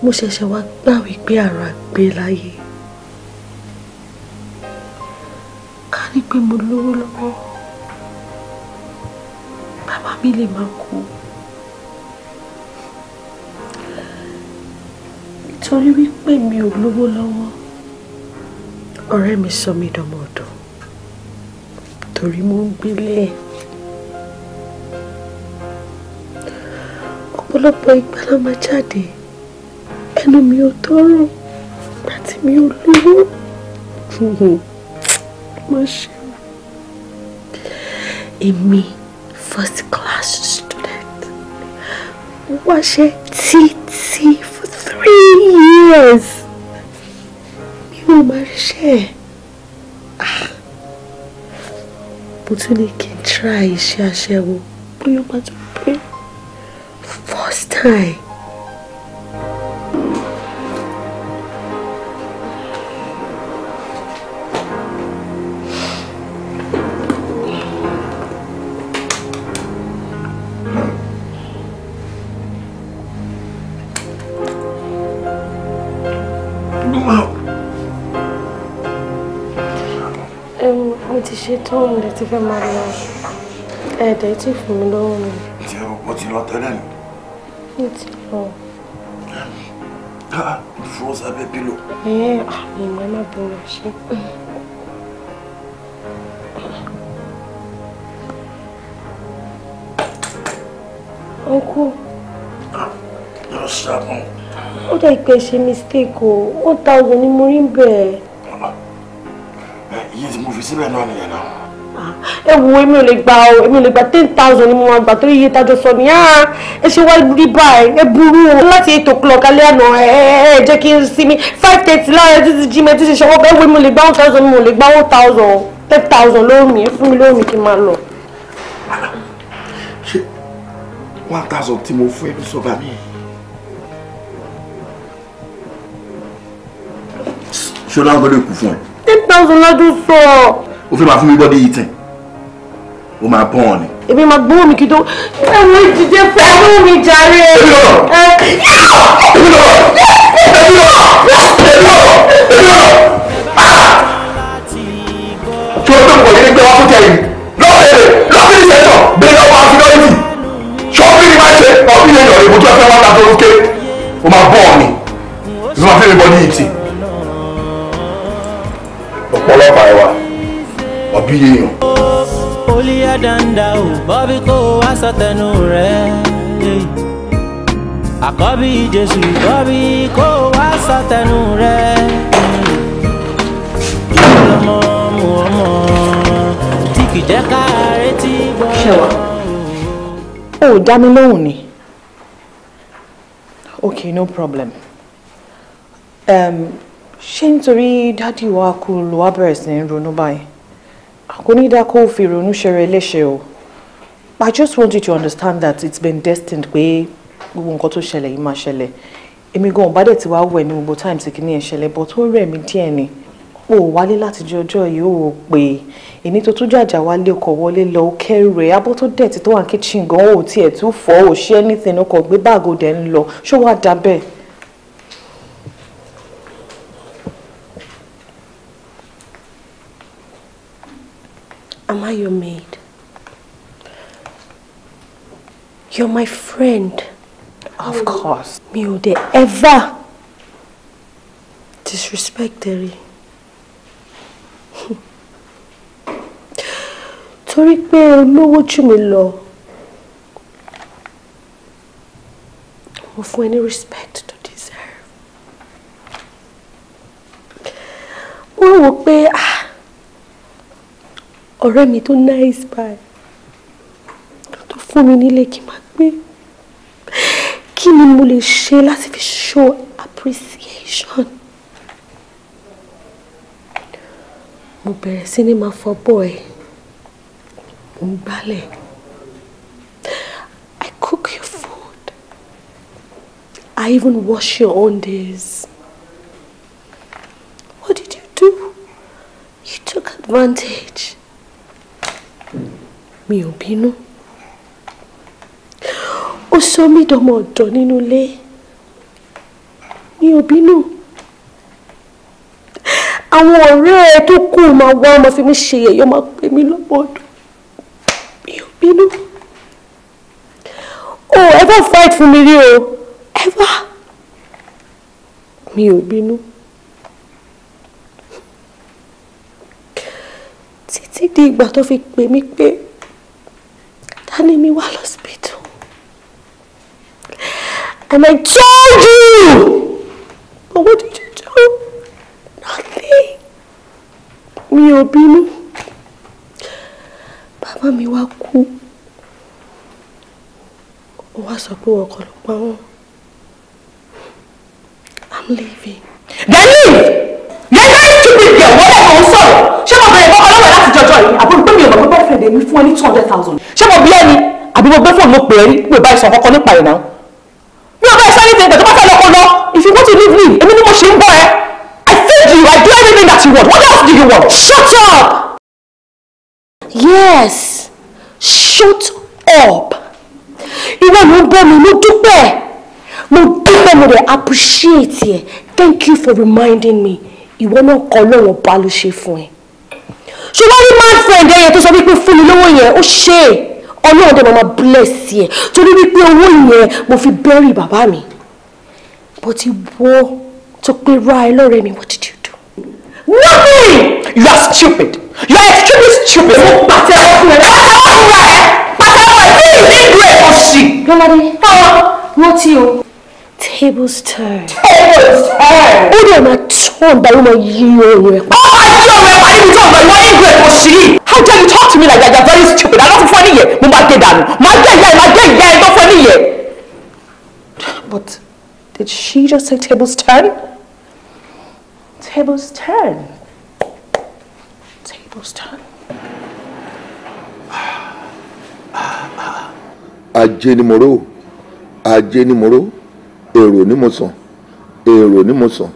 Mo ṣẹ̀ṣẹ̀ wá gbà wípé àrà gbé láyé. Ká ní pé mo lówó papa bàbá maku. lè máa kú. Nítorí wípé mi ò lówó lọ́wọ́, ọ̀rẹ́ mi sọ mí dọmọ torí mo ń gbélé ẹ̀. ọ̀pọ̀lọpọ̀ ìgbà la máa jáde ẹnu mi ò tọrọ àti mi ò lówó má ṣe o. èmi first class student wáṣẹ́ títí for three years mi ò máa ríṣẹ́ ẹ̀. mo tún ní kí try share, share, bóyá ó máa to pray. first time. ṣe tó ń lè ti fẹ́ máa lọ ẹ̀ẹ́dẹ̀ tí fún mi lọ́wọ́ mi. ti o ti lọ tẹ́lẹ̀ ni. mi ti lọ. dúró ah, sábẹ́ pílò. ẹ ẹ ìmọ̀ ẹ má bínú ah, ṣe. ọkọ. yóò ó dẹ̀ pé mistake o one thousand ni mo rí bẹ́ẹ̀ síbẹ̀ náà nìyẹn náà. ẹ wo èmi ò lè gba o èmi ò lè gba ten thousand ni mo máa gbà torí iye tájọ sọ ni ah, ẹ ṣe wá rí báyìí ẹ burú o láti eight o'clock alẹ́ àná ẹ ẹ jẹ́ kí n sinmi five thirty láàárọ̀ títí jí mi títí ṣọwọ́ bẹ́ẹ̀ wo èmi ò lè gba one thousand mi ò lè gba one thousand ten thousand lómi ẹ fún mi lómi kí n máa lọ. ṣé one thousand tí mo fún ẹ ló sọ bá mi yìí. ṣé ọlọ́run ló lè kú fún ẹ thousand lọ́dún sọ. o fẹ́ máa fún mi bọ́ di ìtàn ah! o máa bọ́ ọ ni. èmi máa gbówó mi kí tó ẹ̀wọ̀n ìdíje fún ẹ̀wọ̀n mi jàre. èmi lọ èmi lọ èmi lọ èmi lọ èmi lọ. tí o tó ń bọ̀ yìí gbé wá fún jẹ́rìí lọ́ọ̀rẹ́ lọ́ọ̀rẹ́ ìṣẹ̀tọ̀ bẹ́ẹ̀ lọ́wọ́ àfinọ́yìí ṣọ́ọ́bì ni máa ṣe ọ̀bí lẹ́yìn ọ̀rẹ́ ìbùdó ẹ̀fẹ́ wọn ta tó ń ké o máa bọ́ ọ ni ìṣúná fún mi bọ́ ní ìtì ọlọ́pàá ẹwà ọbí èèyàn. olùyà danda o bọ́bí kò wá sọtẹnu rẹ̀ àkọ́bí jésù bọ́bí kò wá sọtẹnu rẹ̀ ọmọ mu ọmọ tí kì jẹ́ ká retí bọ́. ṣẹwa o dá mi lóhùn ni okay no problem. Um, ṣé nítorí dádì wa kú ló wá bẹ̀rẹ̀ sí ń ronú báyìí kò ní dá kó fi ronú ṣẹrẹ léṣe o I just want you to understand that it's been destined pé gbogbo nǹkan tó ṣẹlẹ̀ yìí máa ṣẹlẹ̀ èmi gan ọ̀bá dẹ̀ ti wá wẹ̀ ní gbogbo times kìíní ẹ̀ ṣẹlẹ̀ but ó rẹ̀ mí díẹ̀ ni o wálé láti jẹ ọjọ́ yìí ó pè é èní tó tún jàjà wálé ọkọ̀ wọlé lọ ó kẹ́rù ẹ̀ abọ́ tó dẹ̀ ti tó wà ní gan ó tiẹ̀ tún fọ́ ó ṣe anything ó kọ̀ gbé báàgò dẹ̀ ń lọ ṣó wàá dábẹ́ẹ̀. Am I your maid? You're my friend. Of oh. course. Mi ever disrespect Terry. Torí No, what you mí law? Mo fún ẹ respect to deserve. Wọ́n wò pé ah, ọ̀rẹ́ mi tó nice by tó fún mi nílé kí n máa gbé kí ni mo lè ṣe láti fi show appreciation mo bẹ̀rẹ̀ sí ní máa fọbọ́ ẹ̀ ń gbálẹ̀ I cook your food I even wash your own days. What did you do? You took advantage mi ò bínú ó sọ mí dọmọ ọ̀dọ̀ nínú ilé mi ò bínú àwọn ọ̀rẹ́ ẹ tó kù máa wá ọmọ fi mí ṣe yẹ̀yọ́ máa pè mí lọ́pọ̀ ọdún mi ò bínú o ever fight for me rí o ever mi ò bínú. títí di ìgbà tó fi pè mí pé tani mi wá lọ́sibítù and I told you but what did you do nothing mi ò bínú bàbá mi wá kú ó wá sọ pé wọn kọ ló pa wọn I'm leaving. Then leave! jọjọ yìí àbúrò pé mi ò mọ̀ pé boyfriend èmi fún ẹ ní two hundred thousand. ṣé mo bí ẹni àbí mo gbé fóònù mo pè é rí pé báyìí sọ kọ́kọ́ nípa ẹ̀ náà. mi ò bá ẹ sẹ́ni tẹ̀gbẹ̀ tó bá fẹ́ lọ lọ if you want to leave me èmi ni mo ṣe ń bọ̀ ẹ́ I feed you I do everything that you want what else do you want shut up. yes shut up ìwọ ló ń bọ́ mi mo dúpẹ́ mo dúpẹ́ mo dẹ̀ appreciate ẹ thank you for reminding me ìwọ náà kọ́ lọ́wọ́ bá ló ṣe fún ẹ ṣùgbọ́n ní mad friend ẹ̀yẹ tó sọ wípé fún mi lówó yẹn ó ṣe é ọlọ́run dẹ̀ máa bless ẹ̀ torí wípé owó yẹn mo fi bẹ́rì bàbá mi bó ti wọ́ tó pé ra ẹ lọ́rẹ́ mi what did you do. nothing you are stupid you are extremely stupid. mo pàṣẹ ọkùnrin rẹ pàṣẹ ọkùnrin rẹ pàṣẹ ọkùnrin rẹ bí ìdí ìdúró ẹ̀ kọ́ sí. lọ́ládé rántí o Tables turn. Tables turn. Ó dẹ̀ máa tán báyìí máa yí oorun ẹ̀ pa. Ó máa yí oorun ẹ̀ pa níbi tó ọ̀gbọ̀n ìwọ ìgbẹ́ mo ṣì How dare you talk to me like that? You are very stupid. Aláṣọ fún ẹ nìyẹn. Mo máa gé dànù. Máa gé ìyá ẹ̀ máa gé ìyá ẹ̀ tó fún ẹ nìyẹn. But did she just say tables turn? Tables turn. Tables turn. Ajé ni mo rò. Ajé ni mo rò èrò ní mo sàn èrò ní mo sàn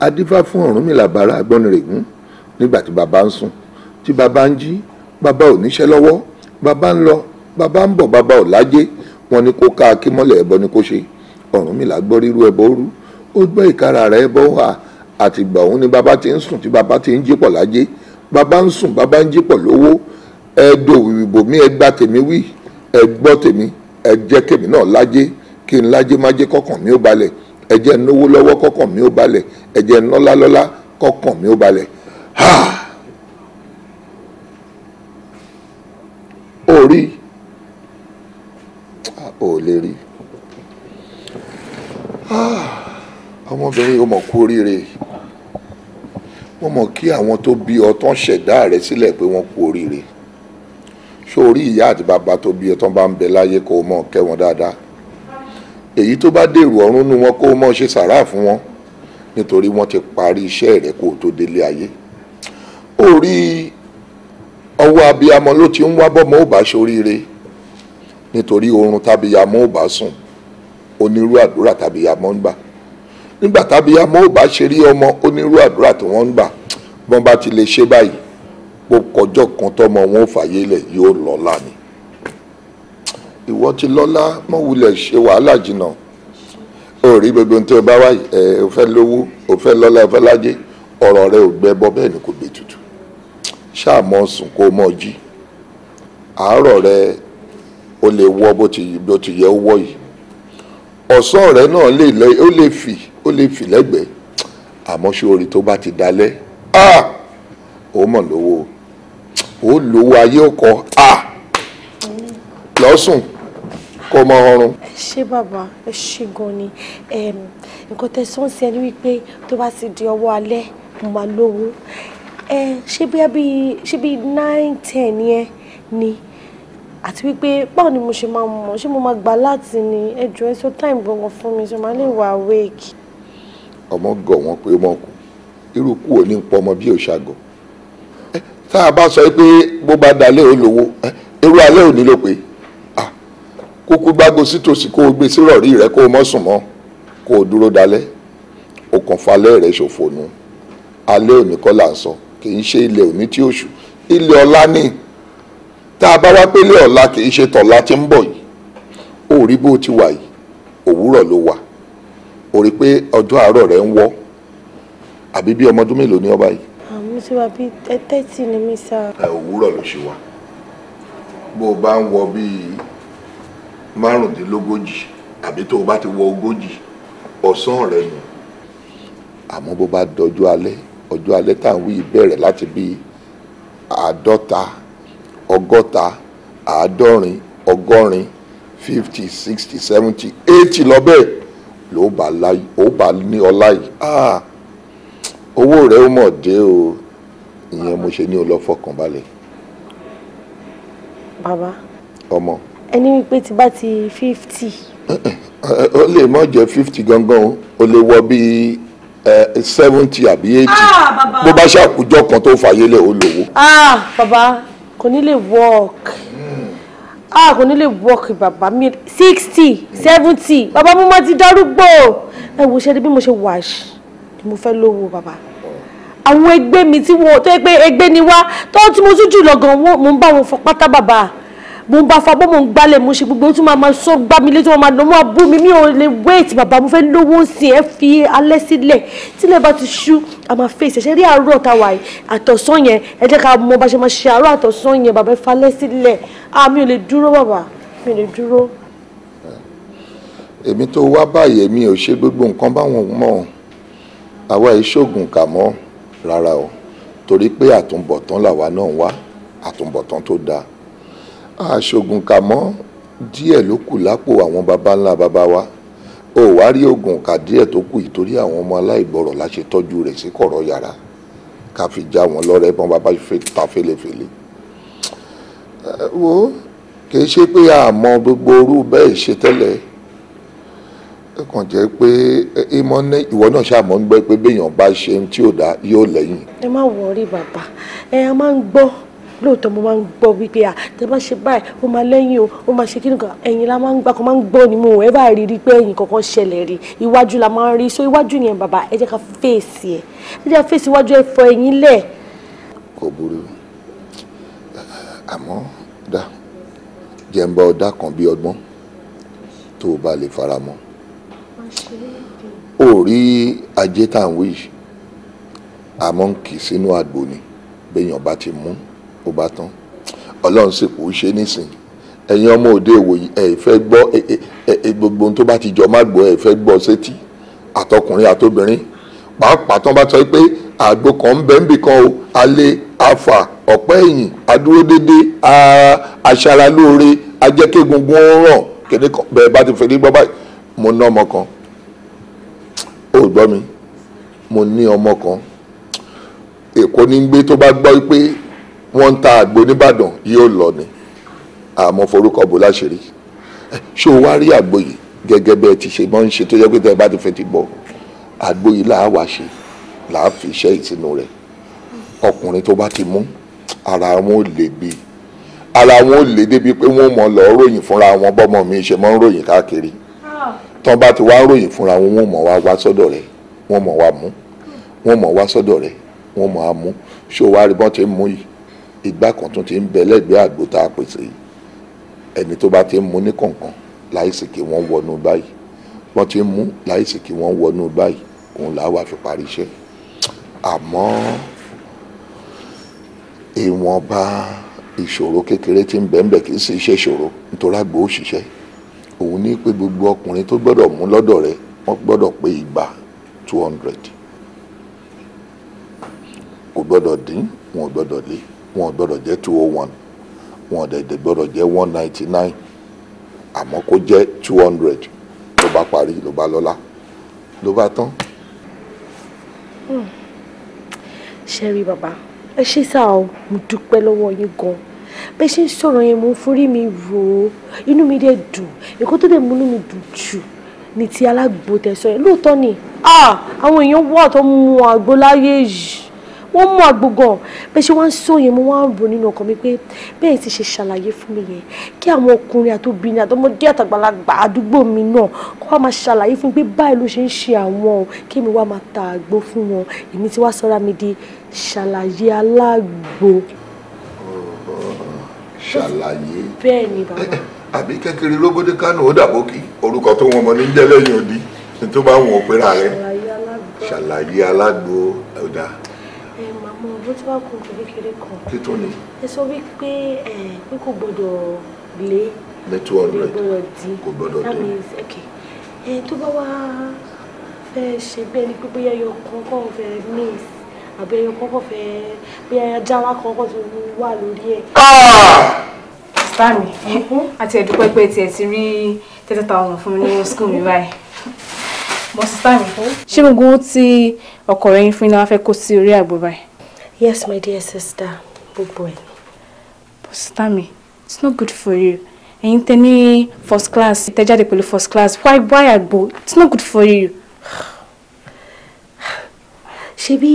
adífá fún Ọ̀rúnmìlà bàrà àgbọnnìrègún nígbà tí bàbá ń sùn tí bàbá ń jí bàbá ò níṣẹ́ lọ́wọ́ bàbá ń lọ bàbá ń bọ̀ bàbá ò lájé wọn ni kó ká akímọ́lẹ̀ ẹbọ ni kó ṣe Ọ̀rúnmìlà gbọ́ rírú ẹbọ rú ó gbọ́ ìkara rẹ̀ ẹbọ wà àtìgbà òun ni bàbá ti ń sùn tí bàbá ti ń jí pọ̀ lájé bàbá ń sùn bàbá ń jí pọ̀ lówó ẹ̀ẹ́dọ̀ òwìwìbò mi ẹgbà tèmi wí ẹgbọ́ tèmi ẹ jẹ́ náà lájé kí n lájé májé kọkàn mi ó balẹ̀ ẹ jẹ́ n lówó lọ́wọ́ kọkàn mi ó balẹ̀ ẹ jẹ́ n lọ́lá lọ́lá kọkàn mi ó balẹ̀ ha orí ò lè rí ọmọbìnrin o mọ̀ kú oríire wọ́n mọ̀ kí àwọn tó bí ọ tán ṣẹ̀dá rẹ̀ sílẹ̀ pé wọ́n kú oríire ṣó orí ìyá àti bàbá tó bí ọ tán bá ń bẹ láyé kó o mọ̀ kẹ́ wọn dáadáa èyí tó bá dèrò ọ̀run nu wọn kó o mọ̀ ṣe sàrà fún wọn nítorí wọ́n ti parí iṣẹ́ rẹ̀ kó o tó délé ayé orí ọwọ́ abiyamọ ló ti ń wá bọ́mọ ò bá ṣoríire nítorí oorun tábíyamọ ò bá sùn onírú àdúrà tábíyamọ ń gbà nígbà tábíyamọ ò bá ṣe rí ọmọ onírú àdúrà tí wọ́n ń gbà bọ́n bá ti lè ṣe báyìí pò kọjọ́ kan tọ́mọ wọn ò fàyè lẹ̀ yóò lọ́la ni ìwọ ti lọ́lá mọ́ wulẹ̀ ṣe wàhálà jìnnà o rí gbogbo ohun tí o bá wá ẹ o fẹ́ lówó o fẹ́ lọ́lá o fẹ́ lájẹ ọ̀rọ̀ rẹ ò gbẹ bọ́ bẹ́ẹ̀ ni kò gbé tutù ṣáà mọ́ sùn kó mọ́ jí àárọ̀ rẹ o lè wọ bó ti bó ti yẹ ó wọ̀ yìí ọ̀sán rẹ náà lè lẹ ó lè fì ó lè fì lẹ́gbẹ̀ẹ́ àmọ́ ṣé orí tó bá ti dalẹ̀ ah ó mọ̀ lówó o lówó ayé ọkọ̀ ah lọ́sùn kó mọ ọrùn. ẹ ṣé bàbá ẹ ṣé gan ni nǹkan tẹ sọ ń sẹ ni wípé tó bá ti di ọwọ́ alẹ́ mo máa lówó ṣé bí ṣé bí nine ten yẹn ni àti wípé báwo ni mo ṣe máa mọ̀ ṣé mo máa gbà láti ni ẹ jọ ẹ sọ time gbọngàn fún mi ṣe máa lè wà awake. ọmọ gọ wọn pé ó mọ kù irú kú ò ní pọ ọmọ bí òṣàgọ tá a bá sọ pé bó bá dalẹ́ ò lówó irú alẹ́ ò ní ló pé kúkú gbágo sítòsí kó o gbé sí rọ̀rí rẹ kó o mọ́ sùn mọ́ kó o dúró dalẹ́ okùnfà alẹ́ rẹ ṣòfò nu alẹ́ òní kọ́ là ń sọ kì í ṣe ilẹ̀ òní tí oṣù ilẹ̀ ọ̀la ni tá a bá wá pé ilẹ̀ ọ̀la kì í ṣe tọ̀la tí ń bọ̀ yìí ó rí bó ti wà yìí òwúrọ̀ ló wà ó rí pé ọjọ́ àárọ̀ rẹ ń wọ́ àbí bí ọmọ ọdún mélòó ni ọba yìí. àmì tí wàá bí tẹ́tí ni mí sá. òwúrọ̀ ló ṣe wà bó o bá ń wọ bíi márùndínlógójì àbí tó o bá ti wọ ogójì ọ̀sán rẹ nù. àmọ́ bó bá dọjú alẹ́ ọjọ́ alẹ́ tá à ń wí bẹ̀rẹ̀ láti bíi àádọ́ta ọgọ́ta àádọ́rin ọgọ́rin fifty sixty seventy eighty lọ bẹ́ẹ̀ ló bá láyé ó bá ní ọlá yìí ah, owó rẹ̀ ó mọ̀ dé o ìyẹn mo ṣe ní o lọ fọkàn balẹ̀. bàbá. ọmọ ẹni wípé tí bá ti fifty. ó lè má jẹ́ fifty gangan ó lè wọ bíi seventy àbí eighty ah, bó bá ṣàkójọ kan tó fàyè lẹ̀ ó lówó. Ah, bàbá kò ní lè work hmm. ah kò ní lè work bàbá mi sixty seventy bàbá mo máa ti darúgbó ẹ wo ṣe bí mo ṣe wà ṣì ni mo fẹ́ lówó bàbá àwọn ẹgbẹ́ mi tí wọ́n tó yẹ pé ẹgbẹ́ ni wá tó tí mo tún jù lọ gan mo ń bá wọn fọ pátá bàbá mo bá fa bó mo ń gbálẹ̀ mo ṣe gbogbo ó tún máa máa sọ gbá mi létí wọn máa nà mọ́ abú mi mi ò lè wait bàbá mo fẹ́ lówó sí ẹ fi alẹ́ sílẹ̀ tílẹ̀ bá ti ṣú a máa fèsì ẹ̀ṣẹ̀ rí àárọ̀ ta wà àtọ̀sán yẹn ẹ jẹ́ ká mọ bá ṣe máa ṣe àárọ̀ àtọ̀sán yẹn bàbá ẹ falẹ́ sílẹ̀ a mi ò lè dúró bàbá mi ò lè dúró. èmi tó wá báyìí èmi ò ṣe gbogbo nǹkan báwọn mọ̀ àwa ìṣògùn kà mọ́ rárá o torí pé àtúnbọ̀tán làwa náà wá àtúnbọ̀tán tó dáa aṣogun kà mọ́ díẹ̀ ló kù lápò àwọn baba ńlá baba wa ó wá rí oògùn kà díẹ̀ tó kù ìtorí àwọn ọmọ aláìgbọrọ̀ la ṣe tọ́jú rẹ̀ sí kọ̀rọ̀ yàrá ká fi já wọn lọ́rẹ́ bọ́n bàbá ta fẹ́lẹ́fẹ́lẹ́ wo kì í ṣe pé a mọ gbogbo orú bẹ́ẹ̀ ṣe tẹ́lẹ̀ ẹ kàn jẹ́ pé ìmọ̀ ní ìwọ náà ṣàmọ́ ń gbọ́ pé béèyàn bá ṣe tí ò dá yóò lẹ́yìn. ẹ má wọrí bàbá ẹ máa ń gbọ́ lóòótọ́ mo máa ń gbọ́ wípé à tẹ bá ṣe báyìí ó máa lẹ́yìn o ó máa ṣe kí nìkan ẹ̀yìn la máa ń gbà kó máa ń gbọ́ ni mo ẹ̀ bá rí rí pé ẹ̀yìn kankan ṣẹlẹ̀ rí iwájú la máa ń rí so iwájú yẹn bàbá ẹ jẹ́ ká fèsì ẹ̀ ẹ jẹ́ ká fèsì iwájú ẹ fọ ẹ̀yìn lẹ̀. kò burú àmọ́ dá jẹ́ ń bá ọ dá kan bí ọgbọ́n tó o bá lè faramọ́ ó rí ajé tá à ń wí àmọ́ ń kì sínú àgbò ni béèyàn bá ti mú un kò bá tán ọlọ́run sì kò ṣe nísìnyí ẹ̀yin ọmọ òde ìwòyí ẹ̀ fẹ́ gbọ́ gbogbo ohun tó bá ti jọ má gbọ́ ẹ̀ fẹ́ gbọ́ sétí àtọkùnrin àtobìnrin pàápàá tán bá sọ pé àgbo kan ń bẹ ń bì kan o alẹ́ afa ọ̀pẹ́ ẹ̀yìn adúródédé aṣaralóore ajẹ́kẹ́gungun ó ràn kíní kan bẹ́ẹ̀ bá ti fẹ́ ní gbọ́ báyìí mo ní ọmọ kan ó gbọ́ mi mo ní ọmọ kan èkó ní gbé tó bá gbọ́ pé wọ́n ń ta àgbo nìbàdàn yóò lọ ni àmọ́ forúkọ bò láṣìírí ṣé o wá rí àgbo yìí gẹ́gẹ́ bẹ́ẹ̀ ti ṣe mọ́ ń ṣe tó yẹ pé tẹ́ ẹ bá ti fẹ́ ti bọ̀ àgbo yìí làá wá ṣe làá fi iṣẹ́ ìsinú rẹ̀ ọkùnrin tó bá ti mú ara wọn ò lè bi ara wọn ò lè débi pé wọn mọ lọ ròyìn fúnra wọn bọ́mọ mi ṣe mọ́ ń ròyìn káàkiri tán bá ti wá ròyìn fúnra wọn wọn mọ̀ wá wá sọ́dọ̀ rẹ̀ wọn mọ̀ wá mú wọn mọ̀ wá sọ́dọ̀ rẹ̀ wọn mọ̀ á mú ṣé wá rí bọ́n ti mú yìí igbá kan tún ti ń bẹ lẹ́gbẹ̀ẹ́ àgbo tá a pèsè yìí ẹni tó bá ti ń mu ní kọ̀ọ̀kan láìsí kí wọ́n wọnú báyìí wọ́n ti ń mu láìsí kí wọ́n wọnú báyìí òun làá wà fi parí iṣẹ́ àmọ́ ìwọ̀nba ìṣòro kékeré tí ń bẹ ń bẹ kì í sì ṣe ìṣòro nítorí àgbo òṣìṣẹ́ òun ní pé gbogbo ọkùnrin tó gbọ́dọ̀ mú lọ́dọ̀ rẹ̀ wọ́n gbọ́dọ̀ pé igba two hundred kò gbọ́dọ̀ dín wọn ò gbọ́dọ̀ lé wọn ò gbọ́dọ̀ jẹ́ two oh one wọn ò dẹ̀ gbọ́dọ̀ jẹ́ one ninety nine àmọ́ kó jẹ́ two hundred ló bá parí ló bá lọ́lá ló bá tán. Hmm. ṣe rí bàbá ẹ ṣe sá o mo dúpẹ́ lọ́wọ́ yín gan-an bẹ́ ṣe ń sọ̀rọ̀ yẹn mo forí mi rò ó inú mi dẹ̀ dùn èkó tó dẹ̀ múnú mi dùn jù ní ti alágbó tẹ̀sán yẹn lóòótọ́ ni ah! àwọn èèyàn wà tó mu àgbo láyé yìí wọ́n mú àgbògàn bẹ́ẹ̀ ṣe wọ́n ń sọ yẹn mo wá ń rò nínú ọkàn mi pé bẹ́ẹ̀ ti ṣe ṣàlàyé fún mi yẹn kí àwọn ọkùnrin àtòbìnrin àtọmọdé àtàgbàlagbà àdúgbò mi náà kó wá máa ṣàlàyé fún mi pé báyìí ló ṣe ń ṣe àwọn o kí èmi wá máa ta àgbo fún wọn èmi ti wá sọ́ra mi di ṣàlàyé alágbo. ṣàlàyé bẹ́ẹ̀ ni bàbá. àbí kékeré lógódé kánò ó dàbókì orúkọ tó wọn mọ ní jẹ́ lẹ́yìn òdì ní tó bá wọn òpera rẹ̀ ṣàlàyé alágbo ọ̀dà bó ti wá kú nǹkan kékeré kan. títún ni. ẹ sọ wípé ẹ pé kò gbọdọ̀ lé. lé two hundred dín. that means okay ẹ tó bá wá fẹ́ ṣe bẹ́ẹ̀ ni pé bóyá ẹyọ kan kàn fẹ́ miss àbí ẹyọ kan kàn fẹ́ bóyá ajá wa kan kàn tó wà lórí ẹ. bá ah! àti ẹ̀dúpẹ́ pé tiẹ̀ ti rí thirty thousand fún mi ní school mi báyìí mo sì sá mi fún. ṣé gbogbo ohun tí ọkọ rẹ ń fún iná wá fẹ́ kó sí orí àgbò báyìí. Yes, my dear sister, gbogbo But sister mi, it's not good for you. Ẹ̀yin tẹ ní first class, tẹ jáde pẹ̀lú first class, why why go? It's not good for you. Ṣebí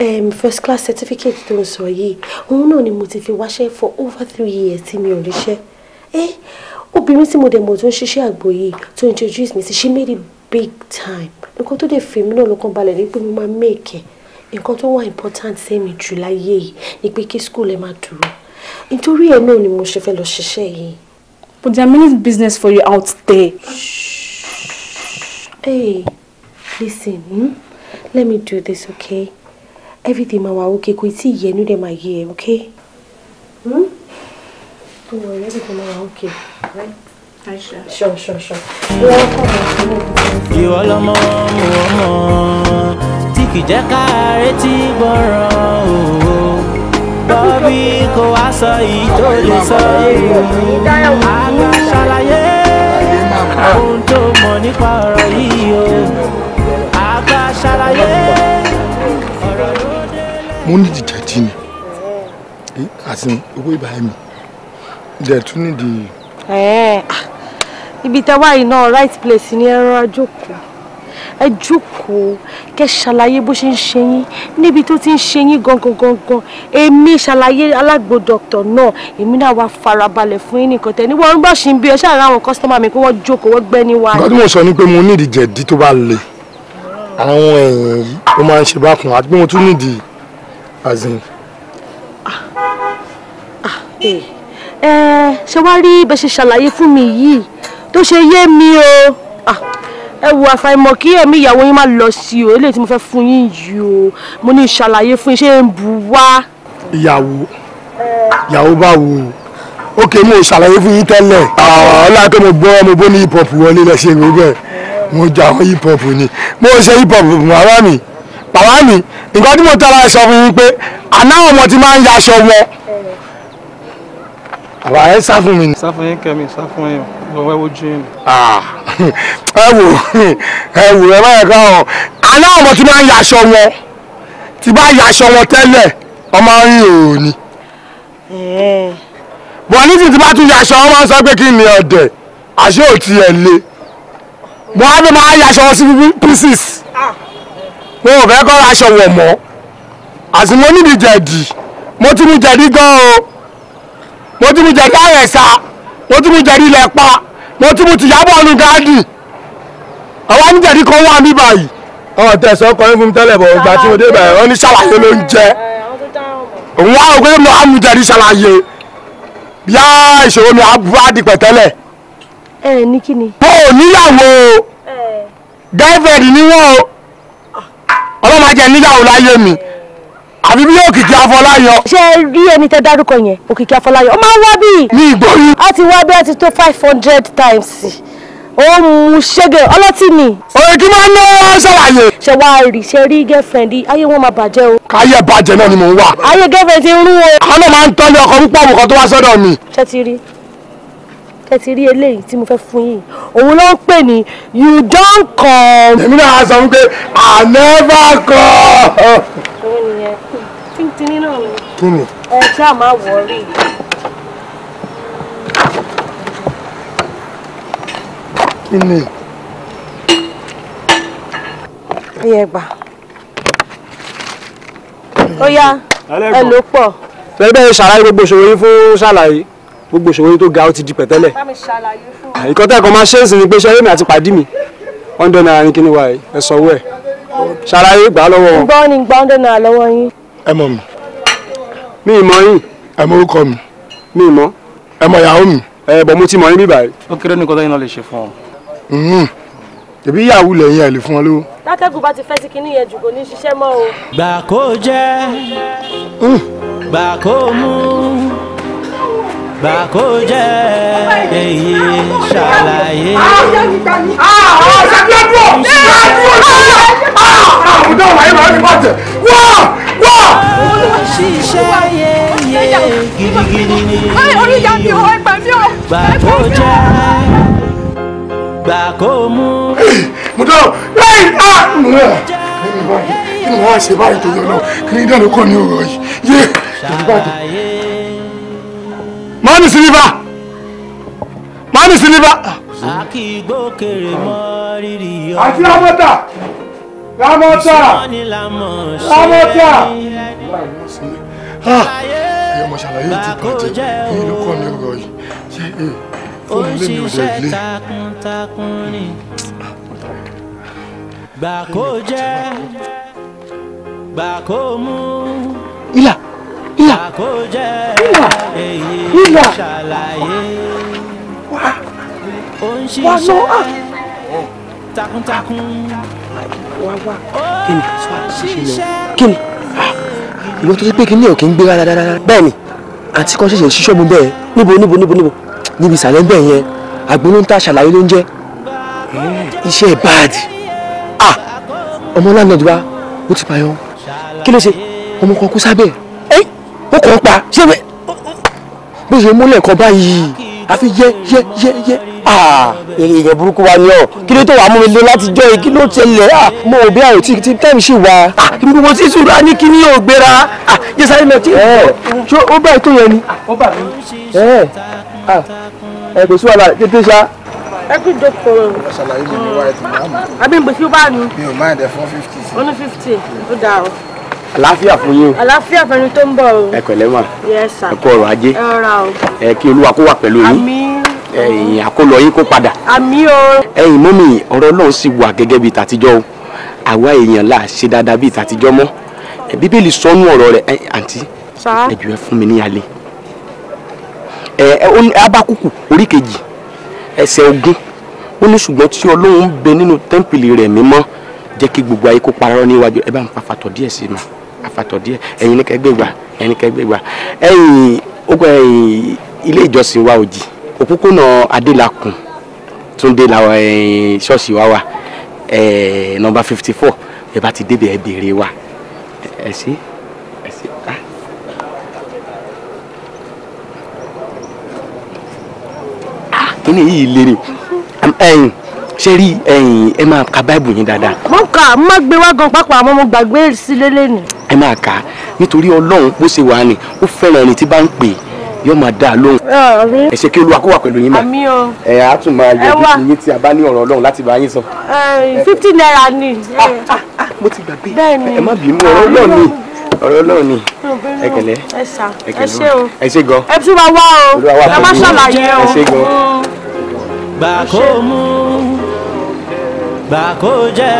um, first class certificate to ń sọ yìí, òun náà ni mo ti fi wáṣẹ́ for over three years tí mi ò ríṣẹ́. Eh, obìnrin tí mo dẹ̀ mọ̀ tó ń ṣiṣẹ́ àgbo introduce me she made it big time. Look tó the film. No, look on ní pé mo make it nǹkan tó wà important sẹ́mi jù láyé yìí ni pé kí school ẹ máa dúró nítorí ẹ náà ni mo ṣe fẹ́ lọ ṣiṣẹ́ yìí. but there are business for you out there. hey listen hmm? let me do this okay everything ma wa okay kò tí ì yẹ inú dẹ̀ máa yẹ ẹ okay. Hmm? don't everything ma wa okay right. Sure, sure, sure. Ìwọ lọmọ, mo mọ̀ kì jẹ́ ká retí gbọ́ràn o bọ́bí kò wá sọ yìí tó lè sọ àgbà ṣàlàyé ohun tó mọ̀ nípa ọ̀rọ̀ yìí o àgbà ṣàlàyé ọ̀rọ̀ ló dé lẹ́yìn. mo ní ìdìjà jí ni àti owó ìbá mi dẹ̀ tún nídìí. ibi tẹ́wá yìí náà right place ni ẹran ajókòó ẹ jókòó kẹ ṣàlàyé bó ṣe ń ṣe yín níbi tó ti ń ṣe yín gangan gangan èmi ṣàlàyé alágbo dọ́kítọ̀ náà èmi náà wá farabalẹ̀ fún yín nìkan tẹ̀ níwọ̀ ń bá ṣì ń bí ẹ ṣáà ráwọn kọ́sítọ́mà mi pé wọ́n jókòó wọ́n gbẹ́ ní wa. nǹkan tí mo sọ ni pé mo nídìí jẹ̀dí tó bá le àwọn ẹ̀yìn yìí ó máa ń ṣe bákan àti pé mo tún nídìí azin. Ah, ah, eh. eh, ṣé wàá rí bẹ́ẹ̀ ṣe ṣàlàyé fún mi yìí tó ṣe yé mi o. Ah, ẹ wo àfàìmọ̀ kí ẹ̀mí ìyàwó yín má lọ sí o eléyìí tí mo fẹ́ fún yín yìí o mo ní ìṣàlàyé fún yín ṣé ń bu wá. ìyàwó ìyàwó báwo ok mo ṣàlàyé fún yín tẹ́lẹ̀ ọlá pé mo gbọ́ mo bó ní hip hop wọlé lẹ́sẹ̀ rẹ bẹ́ẹ̀ mo jà àwọn hip hop ni mo ṣe hip hop bàbá mi bàbá mi nǹkan tí mo tara ẹ sọ fún yín pé àná àwọn ọmọ ti máa ń yaṣọ wọn àbá sá fún mi. sá fún yín kẹ́mi sá fún yín o lọ́wọ́ ojú ẹ̀. ẹ wò ẹ wò ẹ bá yẹ ká ọ àná ọmọ tí máa ń yaṣọ wọn tí bá yaṣọ wọn tẹ́lẹ̀ ọmọ ń rìn òní. bọ̀ nísìnyí tí bá tún yaṣọ wọn máa ń sọ pé kí ni ọ̀dẹ̀ àṣé ò tiẹ̀ le bọ̀ á bẹ máa yaṣọ wọn sí pieces wọn ah. ò fẹ́ kọ́ aṣọ wọ̀ mọ́ àti mo níbi jẹ̀dì mo ti mi jẹ̀dí gan o mo ti mi jẹ̀dí àrẹ̀sà. mo tún mu jẹ̀rí pa mo tún mu tìyàbọ̀ ọ̀nù gáàdì àwọn oníjẹ̀rí kan wà ní báyìí. ọ̀ tẹ̀sán kọrin fún mi tẹ́lẹ̀ bọ̀ ìgbà tí mo dé bẹ̀rẹ̀ wọ́n ní ṣàlàyé ló ń jẹ́ òun wá ògbé jẹ̀rí ṣàlàyé yá ìṣòro mi ni. bó o àbí bí òkìkí afọláyọ. ṣé rí ẹni tẹ dárúkọ yẹn òkìkí afọláyọ ó máa ń wá bí. ní ìgbóyún. a ti wá bí a ti tó five hundred times ó mu ṣẹ́gẹ̀ ọlọ́tí ni. òye kí máa ń ná ṣàlàyé. ṣe wá rí ṣe rí girlfriend yìí ayé wọn máa bàjẹ́ o. káyé bàjẹ́ náà ni mò ń wà. ayé girlfriend ti rú o. àwọn náà máa ń tọ́lé ọkọ̀ púpọ̀ nǹkan tó wá sọ́dọ̀ mi. ṣé ti rí ṣé ti rí eléyìí tí mo fẹ́ fún yìí òun ló ń pè ní you don come. èmi náà sọ wípé i never come. kíní náà ni. kíni. ẹ ṣáà má wọrí. kíni. ẹyẹ gbà. ó yá ẹ ló pọ̀. lẹ́gbẹ́ ṣàlàyé gbogbo ìṣòro yìí fún ṣàlàyé gbogbo ìṣòro yìí tó ga ó ti di pẹ̀tẹ́lẹ̀. bá mi ṣàlàyé fún ọ. ìkọ́tẹ́ kan máa ṣe é sí ni pé ṣe é mi àti pàdí mi hundred naira ní kíni wa ẹ sanwó ẹ ṣàlàyé gbà lọ́wọ́ wọn. gbọ́ ni gbọ́ hundred naira lọ́wọ́ yín ẹ mọ̀ mi. mi ì mọ̀ yín. ẹ mọ̀ orúkọ mi. mi ì mọ̀. ẹ mọ̀ ìyàwó mi. ẹ bọ̀ mo ti mọ̀ yín bíbá yìí. ó kéré ní kọ́tọ́ yín náà lè ṣe fún ọ. tèmi ìyàwó lẹ́yìn ẹ̀ lè fún ọ lówó. látẹ́gùn bá ti fẹ́ sí kinní yẹn jù kò ní ṣiṣẹ́ mọ́ o. gbà kó jẹ́ gbà kó mú gbà kó jẹ́ èyí ṣàlàyé. ṣàkíyàtọ̀ ṣàkíyàtọ̀ àwọn ọ̀dọ́ wàyí màá ní bàjẹ́ wọ́ọ̀ wá. olùṣiṣẹ́ yeye gidigidi ni gbà kó jẹ́ gbà kó mú. mo dọ̀ lẹ́yìn náà nù ẹ̀ kí ni wọ́n á ṣe báyìí tó yọ lọ kí ni dáná kọ́ ni ọ̀rọ̀ yìí yé ìbàdàn. mọ́ni sílíbà mọ́ni sílíbà. àkìgbò kèrè mọ́ rírì ọ̀rọ̀. àti amọ́ta. Ramota! Ramota! Ẹyọ mo ṣàlàyé ti bàjẹ́ èyí ló kọ́ ní ọ̀rọ̀ yìí. Ṣé ẹ eh, fóònù lé mi ò dẹ̀ lé? Gbà kó jẹ́, gbà mú. Ilà! Ilà! Ilà! Ilà! Wà! Wà lọ! Ah! Takuntakun wá wá kí ni kí ni ah, ìwọ tó ti pé kí ni ò kí ń gbé rárá rárá bẹ́ẹ̀ ni àti kan ṣẹ̀ṣẹ̀ ṣíṣọ́ mu bẹ́ẹ̀ níbo níbo níbo níbo níbi ìsàlẹ̀ bẹ́ẹ̀ yẹn àgbóná ń ta ṣàlàyé ló ń jẹ́ eh, iṣẹ́ báàdì ah ọmọ landlord wa ó ti payọ́ kí ló ṣe ọmọ kan kú sábẹ́ ẹ́ eh, ó kàn pa ṣé bó ṣe múlẹ̀ kan báyìí àfi yẹ yẹ yẹ yẹ èrè burúkú wa ni ọ kí ló tó wàá mú mi lé láti jọ yìí kí ló tẹlẹ mo ò bí àrò tí tẹ́ẹ̀mù sì wá. mo ti sùn ní kí ni yóò gbéra jésàlẹ̀ náà ti ṣó ó bá ètò yẹn ni. ó bà mí. ẹ ẹ kò sí wàhálà tètè ṣá. ẹ kí n jókòó. ṣàlàyé mi ni wáyé ti máa mú. àbí n gbèsè bá a nù. mi ò máa dẹ fún fifty. ó ní fifty ó dáa o àlàáfíà fún yín o. àlàáfíà fẹni tó ń bọ̀ o. ẹ pẹ̀lẹ́ mà ẹ kú ọrọ̀ ajé ẹ kí olúwa kó wà pẹ̀lú yín ẹ̀yìn àkólọ yín kó padà. àmì o. ẹ̀yin mọ́mì ọ̀rọ̀ náà sì wà gẹ́gẹ́ bíi tàtijọ́ o àwa èèyàn là ṣe dáadáa bíi tàtijọ́ mọ́ bíbélì sọnù ọ̀rọ̀ rẹ̀ àǹtí ẹ jù ẹ fún mi ní alẹ́ ẹ abakuku orí kejì ẹsẹ̀ ogún ó ní ṣùgbọ́n tí ọlọ́run ń bẹ nínú tẹ́ḿpìlì rẹ̀ mímọ́ jẹ́ kí gbogbo ayé kó parọ́ níwájú ẹ bá ń pa fàtọ̀ díẹ̀ sí i mà àfàtọ̀ díẹ̀ ẹ̀yin ní kẹgbẹ́ gbà ẹ̀yin ní kẹgbẹ́ gbà ẹ̀yin ogun ẹ̀yin ilé ìjọsìn wa òjì òpópónà adélakùn túndé làwọn ẹ̀yin ṣọ́ọ̀ṣì wa wà ẹ̀ẹ́ nọmba fifty four ẹ̀ bá ti débẹ̀ ẹ̀ béèrè wa ẹ̀ sí ẹ̀ sí ká. Ah. Ah, kíni yìí lè ní ẹ̀yin ṣe rí ẹ̀yin ẹ máa ka báìbù yín dáadáa. mo kà á má gbé wá gan pápá àmọ́ mo gbàgbé sílé lẹ́nu ẹ máa kà á nítorí ọlọ́run bó ṣe wà ní ó fẹ́ràn ẹni tí bá ń pè yóò máa dá a lóhùn ẹ kí olúwa kó wà pẹ̀lú yín mà ẹ á tún máa yọjú sí yín tí a bá ní ọ̀rọ̀ ọlọ́run láti bá yín sọ. fifty naira ni. Ah, ah, ah, mo ti gbàgbé ẹ má bínú ọ̀rọ̀ ọlọ́run ni ọ̀rọ̀ ọlọ́run ni ẹ kẹlẹ́ ẹ ṣe gan ẹ tún máa wá o ẹ má ṣàlàyé o ẹ ṣe gan. gbà kó mú gbà kó jẹ́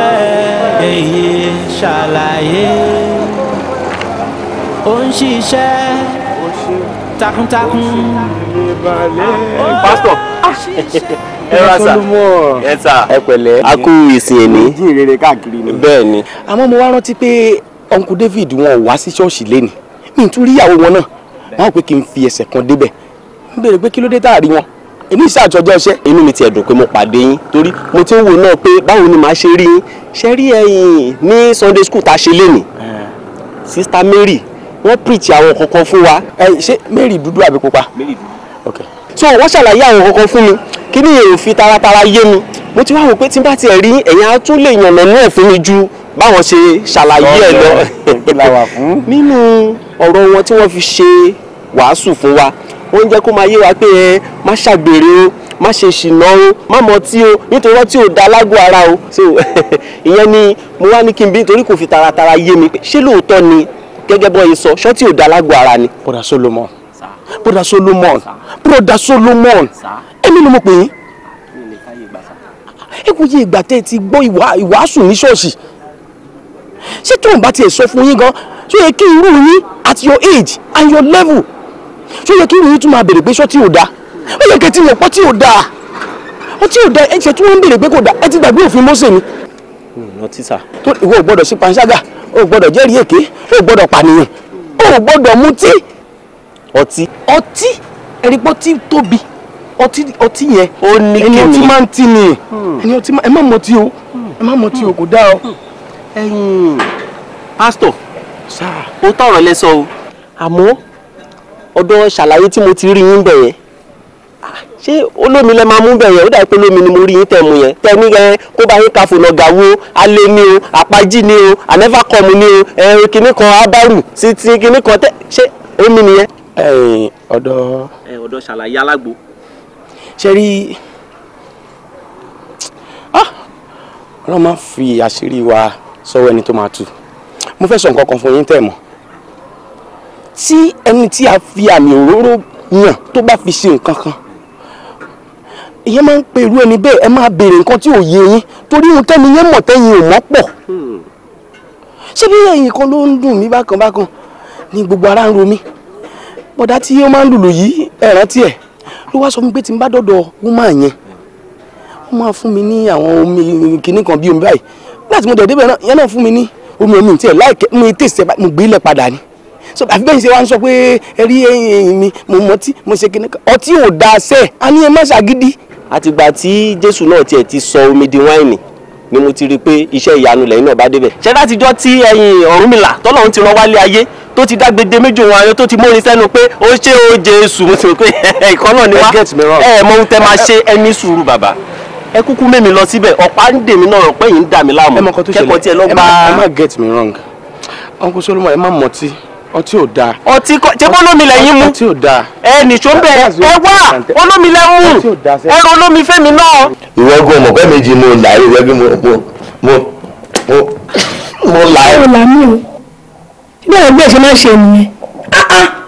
èyí ṣàlàyé ó ń ṣiṣẹ́ takuntakun. pásítọ̀ ẹ rà sà ẹ sà ẹ pẹ̀lẹ́ a kú ìsìn ẹ̀ní. ìjì rere káàkiri ni. bẹ́ẹ̀ ni. àmọ́ mo wá rántí pé uncle david wọn ò wá sí ṣọ́ọ̀ṣì lẹ́nu mi ò tún rí ìyàwó wọn náà wọn á pé kí n fi ẹsẹ̀ kan débẹ̀ n béèrè pé kí ló dé tá a rí wọn èmi ìṣàjọjọ iṣẹ́ inú mi tiẹ̀ dùn pé mo pàdé yín torí mo ti ń wò náà pé báwo ni màá ṣe rí yín ṣe rí ẹ̀yin ní sunday school tá a ṣe lénìí sister mary wọ́n preach àwọn kankan fún wa ṣé Mary dúdú àbí pupa Mary dúdú ok so wọ́n ṣàlàyé àwọn kankan fún mi kí ni èrò fi taratara yé mi mo ti wá wò pé tí n bá tiẹ̀ rí ẹ̀yin á tún lè yànnà náà fún mi ju báwọn ṣe ṣàlàyé ẹ̀ lọ nínú ọ̀rọ̀ wọn tí wọ́n fi ṣe wàásù fún wa wọ́n jẹ́ kó máa yé wa pé ẹ má ṣàgbèrè o má ṣe ṣìnà o má mọ tí o nítorí ọtí ò da lágbo ara o so ìyẹn ni mo wá ní kí n bí nítorí kò fi taratara yé mi ṣé lóòótọ́ ni gẹ́gẹ́ bọ́ yìí sọ ṣọ́ọ̀tì ò da lágbo ara ni. broda solomon broda solomon broda solomon èmi ni mo pè É ẹ kò yí ìgbà tẹ́ ẹ ti gbọ́ ìwàásù ní ṣọ́ọ̀ṣì ṣé tó ń bá tiẹ̀ sọ fún yín gan ṣó yẹ kí irú yín at your age and your level ṣó yẹ kí irú yín tún máa bèrè pé ṣọ́ọ̀tì ò da ó yẹ kẹ́tì yẹn pọ́tì ò da ọtí ò da ẹ̀ ṣe tí wọ́n ń bèrè pé kò da ẹ ti gbàgbé òfin mọ́sẹ̀ ni. nọtí sà. tó ìwọ ò gbọ́dọ̀ sí panṣágà o gbọ́dọ̀ jẹ́rìí èké o gbọ́dọ̀ pànìyàn o gbọ́dọ̀ mutí ọtí. ọtí ẹ̀rí pọ́ tí tóbi ọtí ọtí yẹn. ó ní kíni ẹni ọtí máa ń tì ní. Hmm. ẹni ọtí máa ẹ má mọtí o ẹ má mọtí o kò dáa o. ẹ̀yin pásítọ̀ ó tọrọ lẹ́sọ̀ o. àmọ́ ọ̀dọ̀ ṣàlàyé tí mo ti rí yín bẹ̀yẹn ṣé olómi lẹ máa mú bẹ̀yẹ̀ ó dà pé olómi ni mo rí yín tẹ̀mú yẹn tẹ̀mí yẹn kó bá yín káfò lọ́gà wo alẹ́ ni o àpájì ni o ànẹ́fà kọ̀mù ni o ẹ̀rín kìíní kan abárù sí ti kìíní kan tẹ̀ ṣé omi nìyẹn. ẹ̀yin ọdọ. ẹ ọdọ ṣàlàyé alágbo. ṣe rí ah, ọlọ́run máa fi àṣírí wa sọ́wọ́ ẹni tó máa tú mo fẹ́ sọ nǹkan kan fún yín tẹ̀ mọ́ tí ẹni tí a fi àmì òróró yàn tó bá fi ṣe nǹkan kan ìyẹn máa ń pe irú ẹni bẹ́ẹ̀ ẹ máa béèrè nǹkan tí ò yé yín torí ohun tẹ́ni yẹn mọ̀ tẹ́yin ò mọ̀ pọ̀ ṣé bí ẹ̀yìn kan ló ń dùn mí bákan bákan ni gbogbo ara ń ro mí bọ̀dá tí ó máa ń lùlù yìí ẹ rántí ẹ̀ ló wá sọ mi pé tí n bá dọ̀dọ̀ wúmà yẹn ó máa fún mi ní àwọn omi kìnnì kan bíi omi báyìí láti mo dẹ̀ débẹ̀ náà yẹn náà fún mi ní omi omi tí láìkẹ́ mi tèsí ẹ̀ mo gbé so àfi bẹ́ẹ̀ ṣe wá ń sọ pé ẹ rí ẹyin mi mo mọtí mo ṣe kìnnì kan ọtí ò dáa sẹ́ẹ̀ a ní ẹ má ṣàgídí àtìgbà tí jésù náà tiẹ̀ ti sọ omi di wáìnì ni mo ti rí i pé iṣẹ́ ìyanu lẹ́yìn náà bá débẹ̀. ṣé látijọ́ tí ẹ̀yin Ọ̀rúnmìlà tọ́lọ́run ti rán wálé ayé tó ti dágbede méjì òun ayọ̀ tó ti mórin sẹ́nu pé ó ṣe ó Jésù mo ti rò pé ìkan náà ni wá ẹ mọ ohun tẹ máa ṣe ẹ sùúrù bàbá ẹ kúkú mẹ́mi lọ síbẹ̀ ọ̀pá ń dèmi náà rọ̀ yìí ń dà mí láàmú kẹ́kọ̀ọ́ tí ẹ ẹ má get me wrong uncle Solomon ẹ má mọtí ọtí ò dáa. ọtí kọ ṣé kó lómi lẹ́yìn mú. ọtí ò dáa. ẹ nìṣó ń bẹ ẹ wá olómi lẹ́mú ẹ ro olómi fẹ́mi náà. ìwọ gan ọmọ pẹ́ méjì mo là á ìwọ bí mo mo mo mo là á. ọ̀la mi o bí ẹgbẹ́ ṣe máa ṣe nìyẹn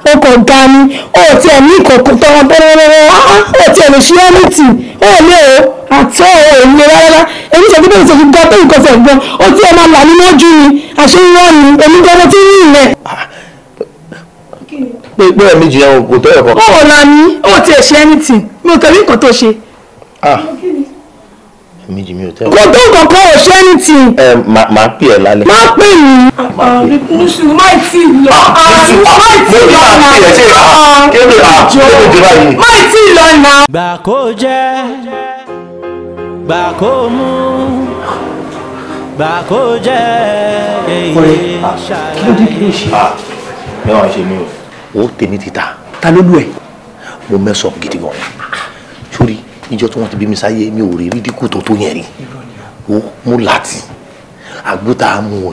o kò ga ni o ò tiẹ̀ ní ìkòkò tọrọ bẹ́rẹ́rẹ́rẹ́ o ò tiẹ̀ lè ṣe ẹ́nìtì o ò lè o àti o ò lè rárá èmi ṣe pípé ìṣègùn gan pé ìkọsẹ̀ gan o tiẹ̀ máa là nínú ojú mi àṣeyọrí omi gan mo ti rí ilẹ̀ pé pé ẹ̀mí jìyà wọn kò tọ́ ẹ̀kọ́. ó la ní ó ti ẹ̀ ṣe anything mi ò tẹ̀lé nǹkan tó ṣe. Ah. ẹ̀mí jì mi ò tẹ́lẹ̀. kò tó nǹkan kan ò ṣe anything. ẹ máa pè ẹ lálẹ́. máa pè mí. àbùkù máì tí lọ. máì tí lọ nà. kébè àjọ máì tí lọ nà. gbà kó jẹ́ gbà kó mú gbà kó jẹ́ èyí ṣàlàyé. ọ̀rẹ́ kí ló dé kí ló ṣe. Ah. ẹ wọ́n ṣe mí o ó tèmi ti ta ta ló lù ẹ mo mẹ́sàn gidi gan sórí níjọ́ tí wọ́n ti bí mi sáyé mi ò rí rídíkù tó tó yẹn rí ó mú láti àgbóta mu ò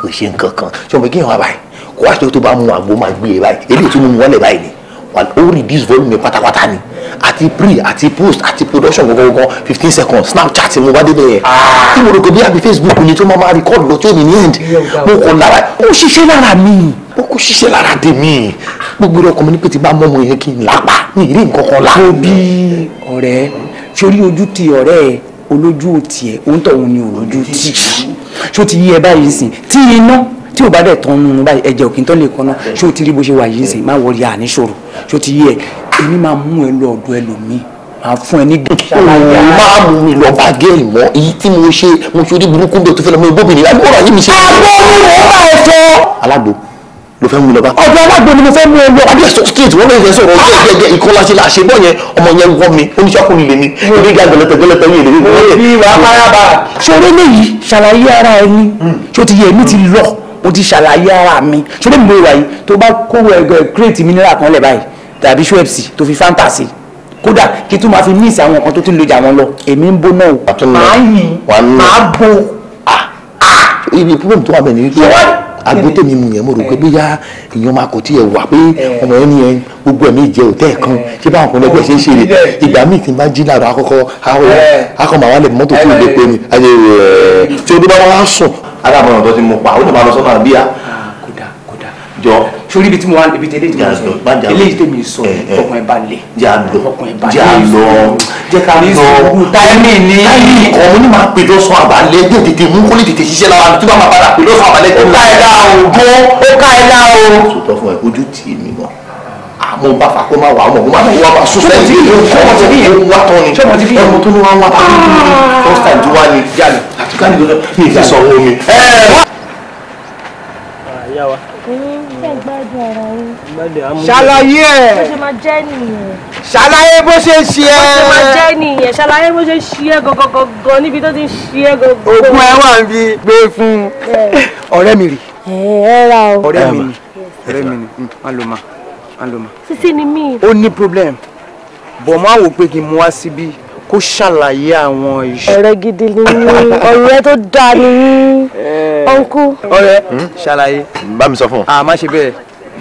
kò ṣe nǹkan kan ṣọmọ kí n wá báyìí kó wá tó bá mu àgbo máa gbé e báyìí eléyìí tó mú wọlé báyìí ni ó reduce volume pátápátá ni ati pre ati post ati production gangan fifteen seconds snapchat mo bá débẹ̀ yẹn ah. mo rò pé bí àbí facebook ni tó máa máa record lọ tí ó ní ní end mo kọ lára ó ṣiṣẹ́ lára mi ó kò ṣiṣẹ́ lára dé mi gbogbo ọkọ mi ní pé ti bá mọ́mọ́ yẹn kí n lápá mi ì rí nǹkan kan lá. mo bí ọ̀rẹ́ sórí ojú ti ọ̀rẹ́ olójú òtì ẹ̀ òǹtọ̀ òun ni òun ojú tì í ṣó ti yí ẹ báyìí sìn tí iná tí ò bá dẹ̀ tán nínú báyìí ẹ̀jẹ̀ òkè tán lè kọ́nà ṣé o ti rí bó ṣe wà yìí sìn má wọrí àní ṣòro ṣé o ti yí ẹ èmi máa mú ẹ lọ ọ̀dọ̀ ẹlòmíì máa fún ẹ ní gùn. máa mú mi lọ bàgé ìmọ̀ èyí tí mo ṣe mo fi orí burúkú bẹ̀ tó fẹ́ lọ mọ ibóbìnrin agbóhùn àyè mi ṣe. àgbo mi ò bá ẹ fẹ́. alágbo ló fẹ́ mú lọ bá. ọ̀dọ̀ alágbo ni mo fẹ́ mú ẹ lọ. adé ẹ̀sọ́ street wọ́n fẹ́ sọ̀rọ̀ ah! ọjọ́ hmm. lọ mo ti ṣàlàyé ara mi ṣọlẹ́ mi lóye wáyé tó bá kówó ẹgbẹ́ kírètì mineral kan lẹ̀ báyìí tàbí ṣúwẹ́pìsì tó fi fanta sí kódà kí tó máa fi míìsì àwọn nǹkan tó ti ń lojà wọn lọ èmi ń bó náà o máa yìn máa bó. ibi púpọ̀ tó wà bẹ̀ ní agbótẹ́mi mu yẹn mo rò pé bóyá èèyàn máa kò tí ẹ wà pé ọmọ ẹni yẹn gbogbo ẹ̀mí jẹ́ òtẹ́ kan ṣé báwọn kan lẹ́gbẹ̀ẹ́ ṣe ń ṣe rè ìgbà míì tí n bá jí láàárọ̀ akọ́kọ́ akọ́mọ àwọn àlẹ́ mọ́tò fún ìlépe ni ayé rẹ̀ tí o bí bá wọn á sùn. adáàmọ̀ràn tó ti mú pa ó lè máa lọ sọ́kàn bíyà. kódà ah, kódà jọ sórí ibi tí mo wà níbi tẹ́lẹ̀ tí mo sọ eléyìí tèmi sọ eh, eh. ọkàn ẹ̀ bá lè ọkàn ẹ̀ bá lè sọ jẹ́ ká lọ táìmì ní táìmì kan ó ní máa pè lọ́sàn àbálẹ́ dé tètè mú kó lè tètè ṣiṣẹ́ lára tí wọ́n máa padà pè lọ́sàn àbálẹ́ tó ká ẹ̀ dá o gbó ó ká ẹ̀ dá o. sọtọ fún ẹ ojú tì mí náà àmọ́ bá fà kó má wà ọmọ mo má lọ wá bá sọsẹ tí ọmọ tí yẹn wá tán ni ọmọ tí yẹn tó ní wá wá bá mi ah. first time tó wá ní jáde àtúkà ní ìfẹsọ̀ omi ṣàlàyé ẹ. bó ṣe máa jẹ́ nìyẹn. ṣàlàyé bó ṣe ń ṣe ẹ. bó ṣe máa jẹ́ nìyẹn ṣàlàyé bó ṣe ń ṣe ẹ gọgọgọgọ níbi tó ti ń ṣe ẹ gọgọ. ogun ẹ wà ń fi gbé fún ọ̀rẹ́ mi rè. ẹ ra o. ọ̀rẹ́ mi ni ọ̀rẹ́ mi ni mm, má ló má ló ni mí. ó ní problem bọ̀ máa wò pé kí n mú wá síbí kó ṣàlàyé àwọn iṣẹ́. ọ̀rẹ́ gidi ni yín ọ̀rẹ́ tó dáa ni yín ọ̀nkú. Eh. ọ̀rẹ́ hmm? ṣàlàyé. bá mi sọ fún un. a ah, má ṣe bẹ́ẹ̀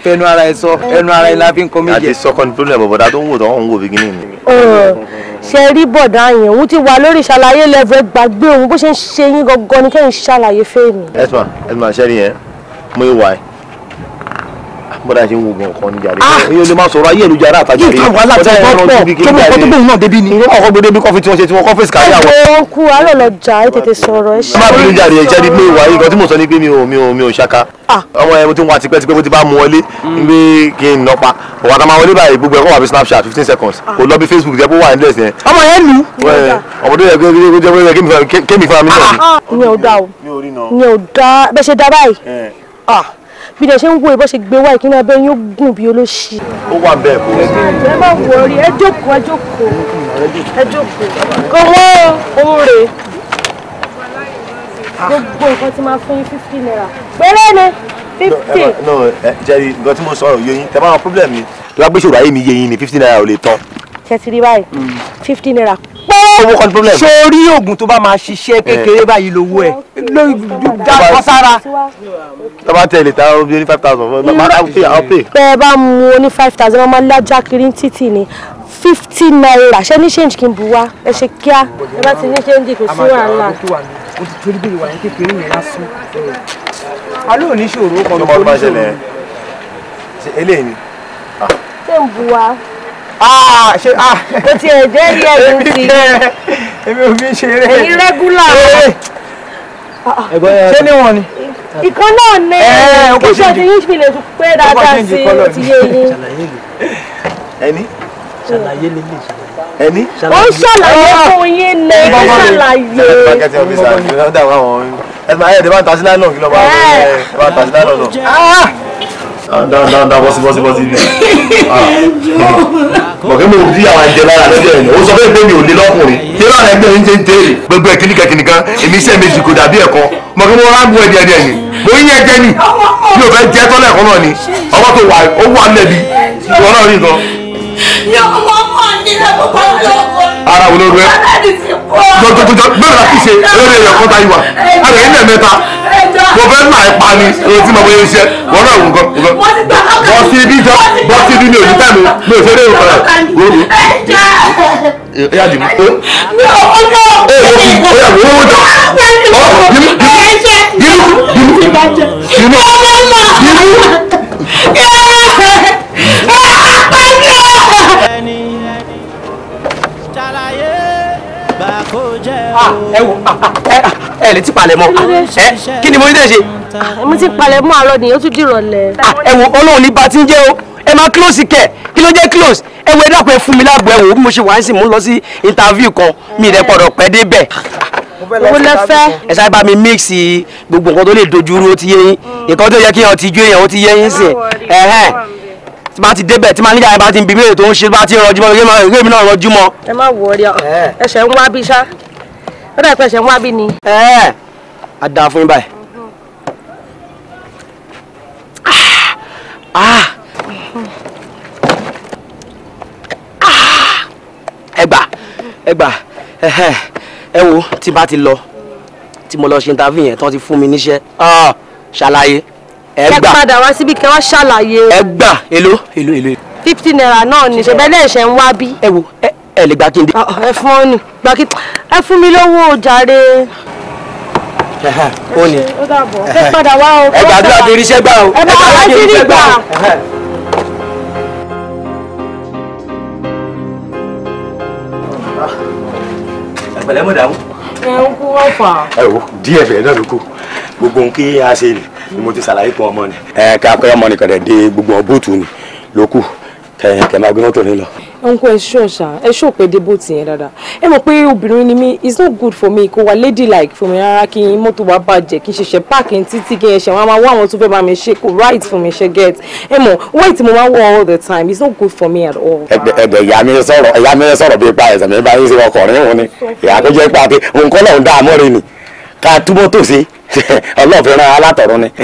fẹnu ara ẹ sọ ẹnu ara ẹ la fi ń kọ méje. àti sọkọni tó lẹ bọ̀dá tó ń wò tó ń wò bí gíní ni. Eh, ṣe rí bọ̀dá yẹn òun ti wà lórí ṣàlàyé lẹ́fù ẹ gbàgbé òun bó ṣe ń ṣe yín gangan ni kẹ́yìn ṣàlàyé fẹ́ẹ̀mì. ẹ̀sùn ẹ̀sùn bọ́dà ṣe ń wo nǹkan ní jàre ah! yóò lè máa sọ̀rọ̀ ayé ìlú jàre àtàjọ rẹ̀ bọ́dà ẹ̀rọ tó bí kí n jàre tó bí náà débi ni wọ́n kọ́kọ́ gbé kọ́fí tí wọ́n ṣe tí wọ́n kọ́ fèsì kárí àwọn. ẹ̀jẹ̀ òkú àárọ̀ lọ jà ẹ tètè sọ̀rọ̀ ẹ ṣe. má bínú jàre ẹ jẹ́rìí pé ìwà nǹkan tí mo sọ ni pé mi ò mi ò mi ò ṣaka. Ah! ọmọ ẹ mo ti ń wa tipẹ́tipẹ́ mo ti bá mu wọlé mm. pé kí n nọ pa òwà tá a máa wọlé báyìí gbogbo ẹ̀ kọ́ wà bí snapchat fifteen seconds ah. kò lọ bí facebook jẹ́ pé wà nílẹ̀ sí yẹn. ọmọ yẹn nu. ọmọ tó yẹ kó jẹ́ pé kémi fún mi náà ni. mi ò dá o mi ò dá bẹ́ẹ̀ ṣe dá báyìí. Eh bí dẹ̀ ṣe ń wo ìbọn ṣe gbé wá ìkíni abẹ́ yín ó gùn bí olóṣì. ó wà bẹ́ẹ̀ kó. ẹ bá wọ orí ẹ jókòó ẹ jókòó ẹ jókòó kò wọ́n ohun rè gbogbo nǹkan ti máa fún yín fifty naira péré ni fifty. no eh, jerry nǹkan tí mo sọ̀rọ̀ yóyin tẹ bá wọn problem mi lágbèsòrò ayé mi yé yín ni fifty naira ò lè tán. ṣe báyìí mm. fifty naira pé sórí oògùn tó bá máa ṣiṣẹ́ eh. kékeré báyìí lówó ẹ̀ dákọ́ sára. tó bá tẹ̀lé ta ọ bí ní five thousand máa pay àwọn pay. bẹ́ẹ̀ bá mu oní five thousand wọ́n máa lájà kiri ní títì ni fifty naira ṣé ní change kí n bu wá ẹ ṣe kíá ẹ bá ti ní change kò sí wàhálà. o ti torí bí ìwà yẹn kékeré yẹn lásán. alóò ní ṣòro kan tó ní ṣòro. eléyìí ni. Ah. ṣé ń bu wá. Ah, ṣe ah. é é é é é meu meu irregular. o ti ẹ̀ jẹ́ rí ẹ̀yìn sí i. èmi ò fi ń ṣeré. èyí rẹ́gúlà. ṣé níwọ̀n ni. ìkan náà ní kíṣẹ́ ti yíṣu lè pé dáadáa sí i ti yé yín. ẹni. ṣàlàyé lélẹ̀ ìṣẹ̀lẹ̀ ẹni. ó ṣàlàyé ah. fún yín ní ṣàlàyé. bákẹ́tì ọ̀fíìsà ló dà wá wọn. ẹ máa yẹ ẹ ti bá ń ta sí láìlọ́ọ̀kì eh. lọ́wọ́ ẹ bá ń ta sí láìlọ́ọ̀kì lọ́wọ́. Ah. ọ̀gẹ́ mo bí àwọn ìjẹba àlejò ẹ̀yìn ó sọ fẹ́ pé mi ò ní lọ́kùnrin tí ó lọ́nà ẹgbẹ́ oúnjẹ ń gbogbo ẹ̀ èmi iṣẹ́ kò dàbí ẹ̀kọ́ kí wọ́n ẹ̀yìn mo yín ẹ̀jẹ̀ ni mi ò fẹ́ jẹ́ tọ́lẹ̀ ẹ̀kọ́ náà ni ọkọ tó wà ó wà lẹ́bi ìwọ náà rí nǹkan. ara wo ló rú ẹ jọjọjọjọ mo fẹ́ nà ẹ́ pa ni ohun tí mo fẹ́ ṣe wọ́n náà wọ́n kọ́ bọ́ sí ibi jọ bọ́ sí ibi mi ò ní tẹ̀mí mi ò ṣeré ìfọ̀rọ̀ gbòòrò. ẹ yà dìbò. mi ò kọ́ ọ́ ọ́ yà wò ó wò jọ ọ́ dìbò dìbò dìbò dìbò dìbò. Ah, ẹ ah, ah, ẹ lè ti palẹ̀ mọ́ ẹ kí ni mo ní tẹ̀ ṣe. mo ti palẹ̀ mọ́ àárọ̀ nìyẹn ó tún dìrọ̀lẹ́. ẹ wò ọlọ́run ní bá ń jẹ́ o ẹ máa close kẹ̀ kí ló jẹ́ close ẹ ẹ dàpọ̀ ẹ fún mi lágbo ẹ bí mo ṣe wà ń sìn mo ń lọ sí interview kan mi rẹ̀ pọ̀dọ̀ pẹ́ débẹ̀ owó lẹ́fẹ́. ẹ sáré bá mi mix gbogbo nǹkan tó lè dojúrú ó ti yé yín mm. nǹkan tó yẹ kí èèyàn ti ju èèyàn ó ti yé yín sìn ẹ̀hẹ́n tí bá ti débẹ̀ tí manager yẹn bá ti ń bí mi lè tó ń ṣe bá ti rọjú mọ́ ìwé mi náà rọjú mọ́. ẹ má wọrí ẹsẹ̀ ń wá bí ṣá ó dà pẹ̀sẹ̀ wá bí ni. ẹ ẹ a dáa fún yín báyìí. Ah! Ah! ẹgbà ẹgbà ẹ wo tí bá ti lọ tí mo lọ ṣe interview yẹn tí wọ́n ti fún mi níṣẹ́ ṣàlàyé ẹ gbà. padà wá síbi kẹ wá ṣàlàyé. ẹ gbà èló èló fifty naira náà ni ṣe bẹ́ẹ̀ lè ṣe ń wá bí. ẹ wo ẹ ẹ lè gba kí n dé. Ah, ẹ fún ọ ní gba kí ẹ fún mi lówó jàre. ó ní ẹ padà wá o. ẹ gbàdúrà kiri iṣẹ́ gbà o. ẹ bá wá kiri gbà. ẹ̀pẹ̀lẹ́ ah, mọ̀ dàmú. ẹ ń kú ọ̀fà. ẹ wo díẹ̀ bẹ̀rẹ̀ náà ló kù gbogbo ohun kí a ṣe ni mo ti ṣàlàyé fún ọmọ ni. ẹ ká pẹ́ ọmọ nìkan dẹ̀ dé gbogbo ọbúùtù ni ló kù kẹyìn kẹ máa gbé mọ́tò ní lọ. ọ̀nkọ ẹ ṣọ́ ṣá ẹ ṣọ́ pé débò tì yẹn dáadáa ẹ mọ̀ pé obìnrin ni mí it's not good for me kó wa lady like fún mi rárá kí n mọ́tò wa bàjẹ́ kí n ṣẹ̀ṣẹ̀ páàkì títí kí n ẹ̀ṣẹ̀ wọn máa wá àwọn tó fẹ́ bá mi ṣe kó right fún mi ṣe get ẹ mọ̀ white mo máa wọ all the time it's not good for me at all. ẹgbẹ ìyá mi sọ̀rọ̀ ìyá mi sọ̀rọ̀ bíi pa ẹsẹ mi bá yín sí ọkọ rẹ òun ni ìyá ká túbọ̀ tò sí ọlọ́ọ̀fẹ́ ran alátọ̀run ni.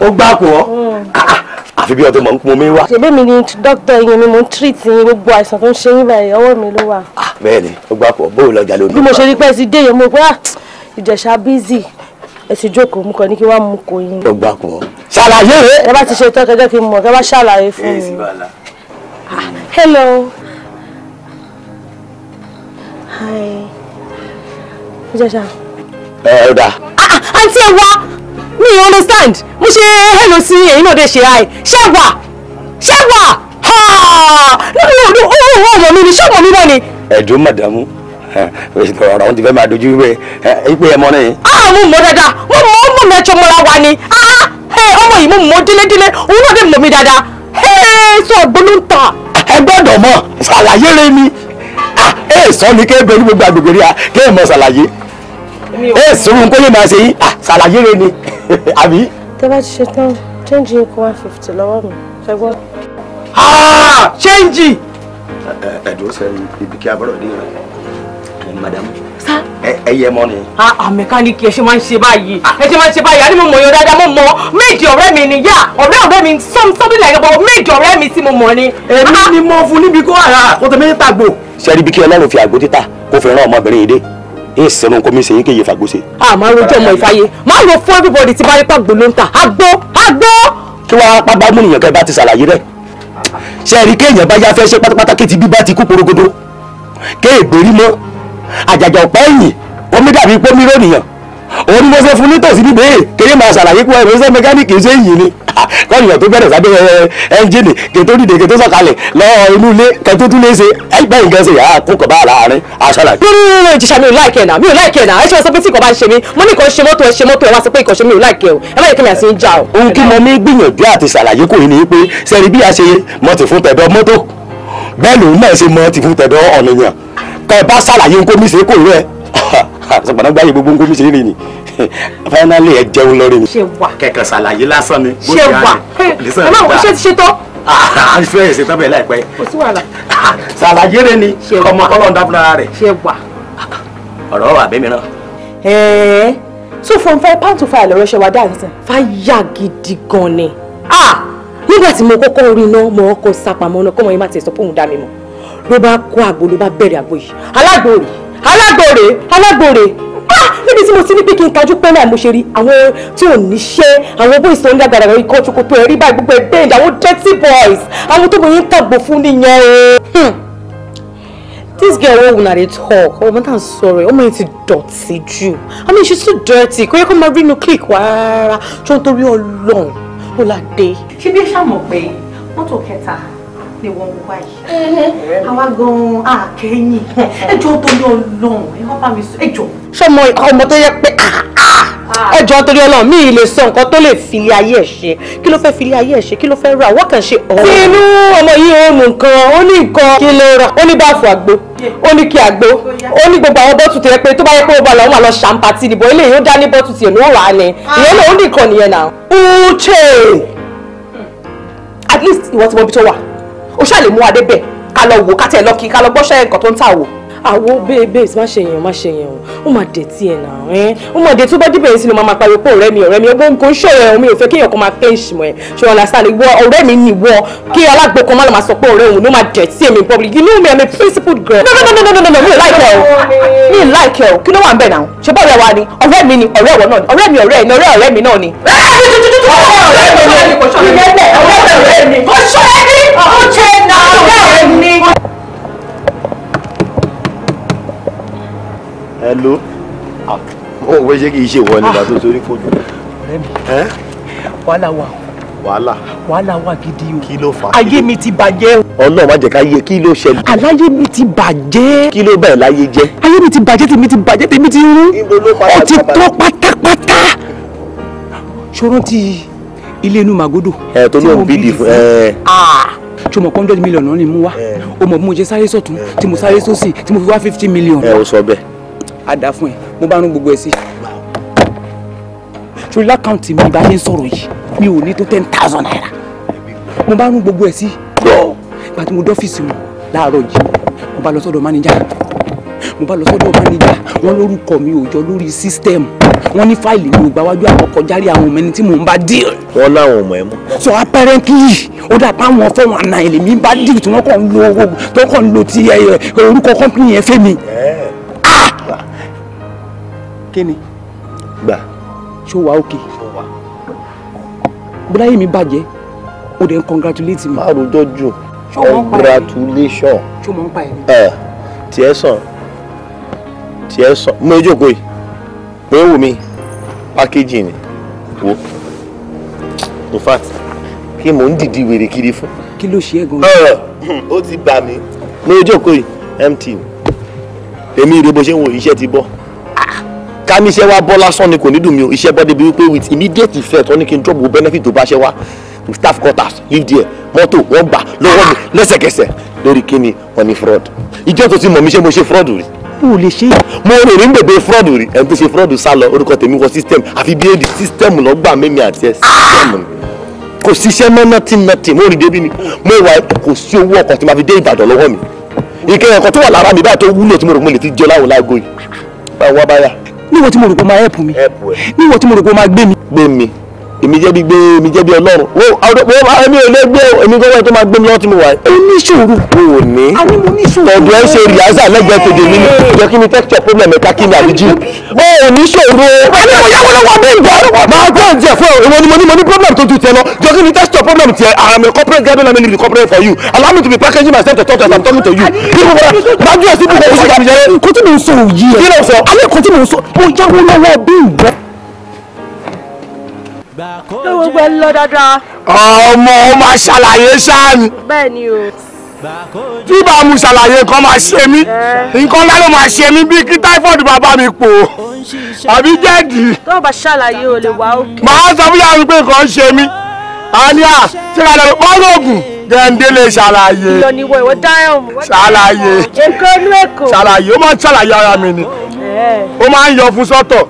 ó gbàkú ọ hmm. ah, ah. àfi bí ọtọ mọ̀ ń pọn mi wá. ṣèbí mi ni dókítà yẹn mi mo ń tírìtì gbogbo àìsàn tó ń ṣe yín báyìí ọwọ́ mi ló wà. Ah, bẹ́ẹ̀ ó gbàkú ọ bóòlù ọjà lónìí. bí mo ṣe rí pẹ́ sí dé yẹn mo pé ìjẹ̀ṣà bízì ẹ sì jókòó mú kàn ní kí wàá mú kò yín. ó gbàkú ọ. ṣàlàyé. ẹ bá ti ṣe tán kẹjọ kí n mọ̀ kẹ bá ṣàlàyé fún mi. hello. Ìjẹ̀ṣà. Ẹ ẹ dà. Ah, ah, àǹtí ẹ wá mi ò understand mo ṣe hello sí ẹ̀yin náà dé ṣe hi ṣé wà ṣé wà ó oh, oh, oh, ọmọ mi ni ṣé ọmọ mi náà ni. Ẹ̀dùn màdàmú ọ̀rọ̀ ohun tí fẹ́ máa dojú wípé ipe ẹ̀mọ́ náà. Àwọn ah, mo mọ dáadáa mo mọ ọmọ mi ẹ̀ṣọ́ mọ́ra wa ni ọmọ yìí mo mọ délédélé òun náà dé mọ̀ mi dáadáa sọ gbólóńtà. Ẹ gbọ́dọ̀ mọ̀ ṣàlàyé rẹ mi ẹ sọ ni kí ẹ bẹ ní gbogbo àgbègbè rí a kí ẹ mọ̀ ṣàlàyé ẹ eh, sọ̀rọ̀ nǹkan lè máa ṣe yín ah, ṣàlàyé rẹ ni àbí. tẹ bá ti ṣe tán ṣéǹjì yín kó one fifty lọ́wọ́ mi ṣe gbọ́. ṣéǹjì. ẹ̀dùn sẹ́yìn ibi kí abọ́rọ̀ dé rẹ̀ madam ẹyẹ mọ ni. a ah, ah, mẹkáníìkì ẹ ṣe máa ń ṣe báyìí ẹ ṣe máa ń ṣe báyìí àní mo mọ̀ yín dáadáa mo mọ̀ méjì ọ̀rẹ́ mi ni yá ọ̀rẹ́ ọ̀rẹ́ mi sọ́bí lẹ́yìn ọ̀pọ̀ méjì ọ̀rẹ́ mi tí mo mọ̀ ni. èmi ni mo fún níbi kó ara àkótó mi ní tàgbò. sẹ́ẹ̀rì bí kí ọlọ́run fi àgbo títà kó fi rán ọmọbìnrin yìí dé ń sẹ́nu nǹkan mi ṣe yín kéye fàgbọ́sẹ̀. a máa rojọ́ ọmọ ìfàyè máa ro fún everybody tí bá rí pàgbó ló ń ta àgbo àgbo. kí wàá pàbá mú nìyẹn ká ẹ bá ti ṣàlàyé rẹ ṣe rí kéèyàn bá yá fẹ́ ṣe pátápátá kí ti bí bá ti kú porogodo kéègbèrí mọ́ àjàjà ọ̀pá ẹ̀yìn omi dàbí pómi lónìyàn òun ni mo ṣe fún nítòsí níbẹ̀ kéde máa ṣàlàyé pé ẹ̀rọ iṣẹ́ mẹkáníìkì ṣe yìí ni kọ́nìyàn tó bẹ̀rẹ̀ sábẹ́ eh, eh, ẹ́ńjìnì kètò dìde kètò sọ̀kalẹ̀ lọ́wọ́ inú ilé kẹ́tó tún lè ṣe ẹgbẹ́ nǹkan ṣe yàrá kó kọ̀ bá láàrin aṣọ́làyé. mi ò ní ìjìṣà mi ò láìkẹ́ náà mi ò láìkẹ́ náà ẹ ṣe sọ pé tí kò bá ń ṣe mí mo ní kò ṣe mọ́tò ẹ ṣe mọ́tò ẹ wá sọ pé ìkọ̀ṣe mi ò láìkẹ́ o ẹ má yẹ kí mi àti ń jà o. ohun kí mo ní gbìyànjú àti ṣàlàyé kò ní pé sẹ́ni bí a ṣe mọ̀ ti fún tẹ̀dọ̀ mọ́tò bẹ́ẹ̀ lòun náà ṣe mọ̀ ti fún tẹ̀dọ̀ ọ̀nìyàn kẹ́ ẹ bá ṣàlàyé nǹkan mi ṣe kò rẹ̀ sọgbọnà gbáyé gbogbo ń gómìnà rìn ni finally ẹ jẹun lọ rìn ni. ṣé wà kẹkàn ṣàlàyé lásán ni. ṣé wà ẹ bá wọ ṣé ti ṣe tán. àfẹ́ ah, ẹ̀sìn tán bẹ́ẹ̀ láìpẹ́. kò sí wàhálà. ṣàlàyé rẹ ni ọmọ ọlọ́run dábúra rẹ̀. ṣé wà. ọ̀rọ̀ wà bẹ́ẹ̀ mìíràn. ẹ̀ẹ́ two from five pound to five lọ́rọ̀ ṣe wá dáa nísìn. fáyà gidi gan ni. Ah! nígbà tí mo kọ́kọ́ rí iná mo kọ́ sápamọ́ náà kọ́mọ yẹn má ti alágbòrè alágbòrè ah, níbi tí mo ti ní pé kí n tajú pẹ́ náà mo ṣe rí àwọn tí ò ní ṣe àwọn boys tó ń dàgbàdà rẹ̀ ikọ̀ tukù pé ẹ̀rí báyìí gbogbo ẹgbẹ́ ìdá dirty boys àwọn tó bóyin tàgbò fún nìyẹn o. Hmm. this girl wey una dey talk ọmọ náà sọ̀rọ̀ ẹ ọmọ yẹn ti dọ̀tí jù i mean she's so dirty kò yẹ kó máa rí inú click wàrà tó ń torí ọlọ́run ó la dé. ṣé bí ẹ ṣàmọ̀ pé mọ́tò kẹta pé wọ́n ń wá yìí. àwa gan-an àkẹ́yìn ẹjọ́ tó lọ lọ́hùn ẹ wọ́n bá mi sọ ẹjọ́. ṣọmọ ọmọ tó yẹ pé ah, ah, ah. ẹjọ́ torí Ọlọ́run mi lè sọ nǹkan tó lè fi ilé ayé ẹ̀ ṣe kí ló fẹ́ fi ilé ayé ẹ̀ ṣe kí ló fẹ́ rà wọ́n kàn ṣe ọ̀rọ̀. tí inú ọmọ yìí ó nù nǹkan ó ní nǹkan kí lè rà ó ní báàfù àgbo ó ní kí àgbo ó ní gbogbo àwọn bọ́tù tó yẹ pé tó bá yẹ pé ó bá lọ́wọ́ lọ ṣàǹpàtì nìbọn ilé yìí ó dá ní bọ́tù tiẹ̀ ní ó rà á ni ìyẹn náà ó ní nǹkan nìyẹn náà. uche hmm. at least ìwọ ti mọ ibi tó wà ó ṣàlè mú adé bẹ̀ ká lọ wò ká tẹ̀ lọ kí ká lọ gbọ́ṣẹ́ nǹkan tó ń tà wò àwo bèbè má ṣe yẹn má ṣe yẹn o ó máa dé tí ẹ nà ẹ ó máa dé tó bá dìbẹ̀ yẹn sínú máa máa pariwo pé ọ̀rẹ́ mi ọ̀rẹ́ mi ọgbọ́n kò ń ṣọ̀rọ̀ ẹ̀ mi ò fẹ́ kéèyàn kan máa fẹ́ ìṣìmọ̀ ẹ̀ ṣe wọn lásán ìwọ ọ̀rẹ́ mi nìwọ kí alágbó kan má lọ máa sọ pé ọ̀rẹ́ òun ló máa dé tí èmi public you know me I'm a principled girl. no no no no no no no mi ò láìkẹ́ o mi ò láìkẹ́ o kí ló wà ń bẹ̀ náà ṣe bọ́ ọ̀rẹ́ wa ni ọ̀rẹ́ mi ni ọ̀rẹ́ ìwọ náà ni ọ̀rẹ́ mi ọ̀rẹ́ ni ọ̀rẹ́ ọ̀rẹ́ mi náà ni. ọ̀rẹ́ mi ọ̀rẹ́ mi kò ṣọ̀rẹ́ mi kò ṣọ̀rẹ́ mi kò ṣọ̀rẹ́ mi kò ṣọ̀rẹ́ mi kò ṣọ̀rẹ́ mi kò ṣọ̀rẹ́ mi kò ṣọ̀rẹ́ mi kò ṣọ̀rẹ́ mi kò ṣọ̀rẹ́ mi kò mi kò mi kò mi kò mi kò mi kò mi kò mi kò mi kò mi kò mi kò mi kò mi kò mi kò mi kò mi kò mi kò mi kò mi kò hello wọn ò wẹ́ ṣé kì í ṣe ìwọ ni ah. bàtò sórí fóònù. ọ̀rẹ́ mi wàhálà wà o wàhálà. wàhálà wà gidi o. kí ló fà á. ayé mi ti bàjẹ́. ọlọ́run má jẹ́ ká yé kí ló ṣẹlẹ̀. àláyé mi ti bàjẹ́. kí ló bẹ̀rẹ̀ láyé jẹ́. ayé mi ti bàjẹ́ tèmi ti bàjẹ́ tèmi ti rú. ó ti tọ́ pátápátá. ṣòro ti ilé inú màgódò. ẹ tó ló ń bídì fún ẹ. Ah, ṣo mọ̀ pọ́njọ́dì mílíọ̀nù náà ni mú wá. o mọ̀ bí mo ṣe sáré sọ̀tún tí mo sáré sósì tí mo fi wá fifty million. ẹ o sọ bẹ́ẹ̀ àdá fún ẹ mo bá rún gbogbo ẹ sí. sórí lákàntì mi bá ṣe ń sọ̀rọ̀ yìí mi ò ní tó ten thousand naira mo bá rún gbogbo ẹ sí. ìgbà tí mo dọ́fíìsì mu láàárọ̀ yìí mo bá lọ sọ́dọ̀ máníjà mo bá lọ sọ́dọ̀ máníjà wọ́n lórúkọ mi ò jọ lórí sísítẹ́ẹ̀mù wọ́n ní fáìlì mi ò gbà wájú àwọn kọjárí àwọn ọmọ ẹni tí mò ń bá díl. wọ́n láwọn ọmọ ẹ mú. sọ apẹrẹnkì ó dà pé àwọn fọwọn àná ẹlẹmí bá díl tí wọ́n kàn ń lo owó tó kàn eh, orúkọ kọ́ńpìnì yẹn fẹ́ mi. ẹ kíni. gbà. ṣó wa òkè. ṣó wa. bọ́láyé mi bàjẹ́ o dẹ̀ ń congratulate mi. máa rojọ́ jù congratulation. ṣó mọ̀ ń pa ẹ̀mí. ẹ tiẹ̀ sàn tiẹ̀ sàn mo jókòó yìí pé wù mí pákéjì ni wo in fact kí mò ń dìdí kiri fún. kí ló ṣe é gan. ó ti bà mí mo jókòó yìí empty èmi ìrè bó ṣe ń wo iṣẹ́ ti bọ́ ká ní iṣẹ́ wa bọ́ lásán ni kò ní dùn mí o iṣẹ́ bọ́ débi wípé with immediate effect wọ́n ní kí n drop benefit tó bá ṣe wá staff quarters leave there mọ́tò wọ́n gbà lọ́wọ́ mi lẹ́sẹ̀kẹsẹ̀ lórí kíni wọ́n ní fraud ìjọ tó ti mọ̀ mí ṣé mo ṣe fraud rí. o lè ṣe. mo rò rí bèbè fraud rí ẹni tó ṣe fraud sá lọ orúkọ tèmi wọ system àfi bí èdè system lọ gbà mi àti ẹ system ni kò síṣẹ́ mọ́ nothing nothing mo rí débi ni mo wà kò sí owó ọkọ̀ tí ma fi dé Ìbàdàn lọ́wọ́ mi ìkẹyìn ọkọ̀ tó wà lára mi báyìí tó wúlò tí mo rò mo lè fi jọ láwọn yìí báwo wá báyà níwọ̀n tí mo rò pé o máa help mi níwọ̀n tí mo rò pé o máa gbé mi. gbé mi èmi jẹ́ bí gbé èmi jẹ́ bí ọlọ́run wo èmi ò lè gbé o èmi gbọ́dọ̀ tó máa gbé mi lọ́wọ́ tí mo wà. èmi kò ní. àní mo ní tọ̀dọ̀ ẹ ṣe rìhásà lẹ́gbẹ̀ẹ́ tèdè mi jẹ́ kí mi texture problem ẹ̀ka kí ni àdíjì. o ò ní ìṣòro. yàwó lọ́wọ́ mi ìgbà máa gbọ́ ǹjẹ́ fún ẹ ìwọ ni mo ní mo ní problem tó ju tiẹ lọ jọ kí ni texture problem tiẹ ah, I corporate garden you allow me to be packaging myself to talk to you ṣé gbogbo ẹ lọ dáadáa. ọmọ ó máa ṣàlàyé ṣáà ni. o tí bá mu ṣàlàyé nǹkan máa ṣe mí nǹkan ńlá máa ṣe mí bí kí typhoid bàbá mi pò àbí jẹ́ẹ̀dì. tó o bá ṣàlàyé o lè wá òkè. màá sọ fún yàrá pé nǹkan ń ṣe mí àníyà ṣé ká lọ pọ́n lóògùn gẹ̀ǹdé lè ṣàlàyé. ìlọ̀nìwọ̀ ìwọ dáhùn. ṣàlàyé èkó inú èkó. ṣàlàyé ó máa ń ṣàlàyé ara mi ni ó máa ń yọ fún sọ́tọ̀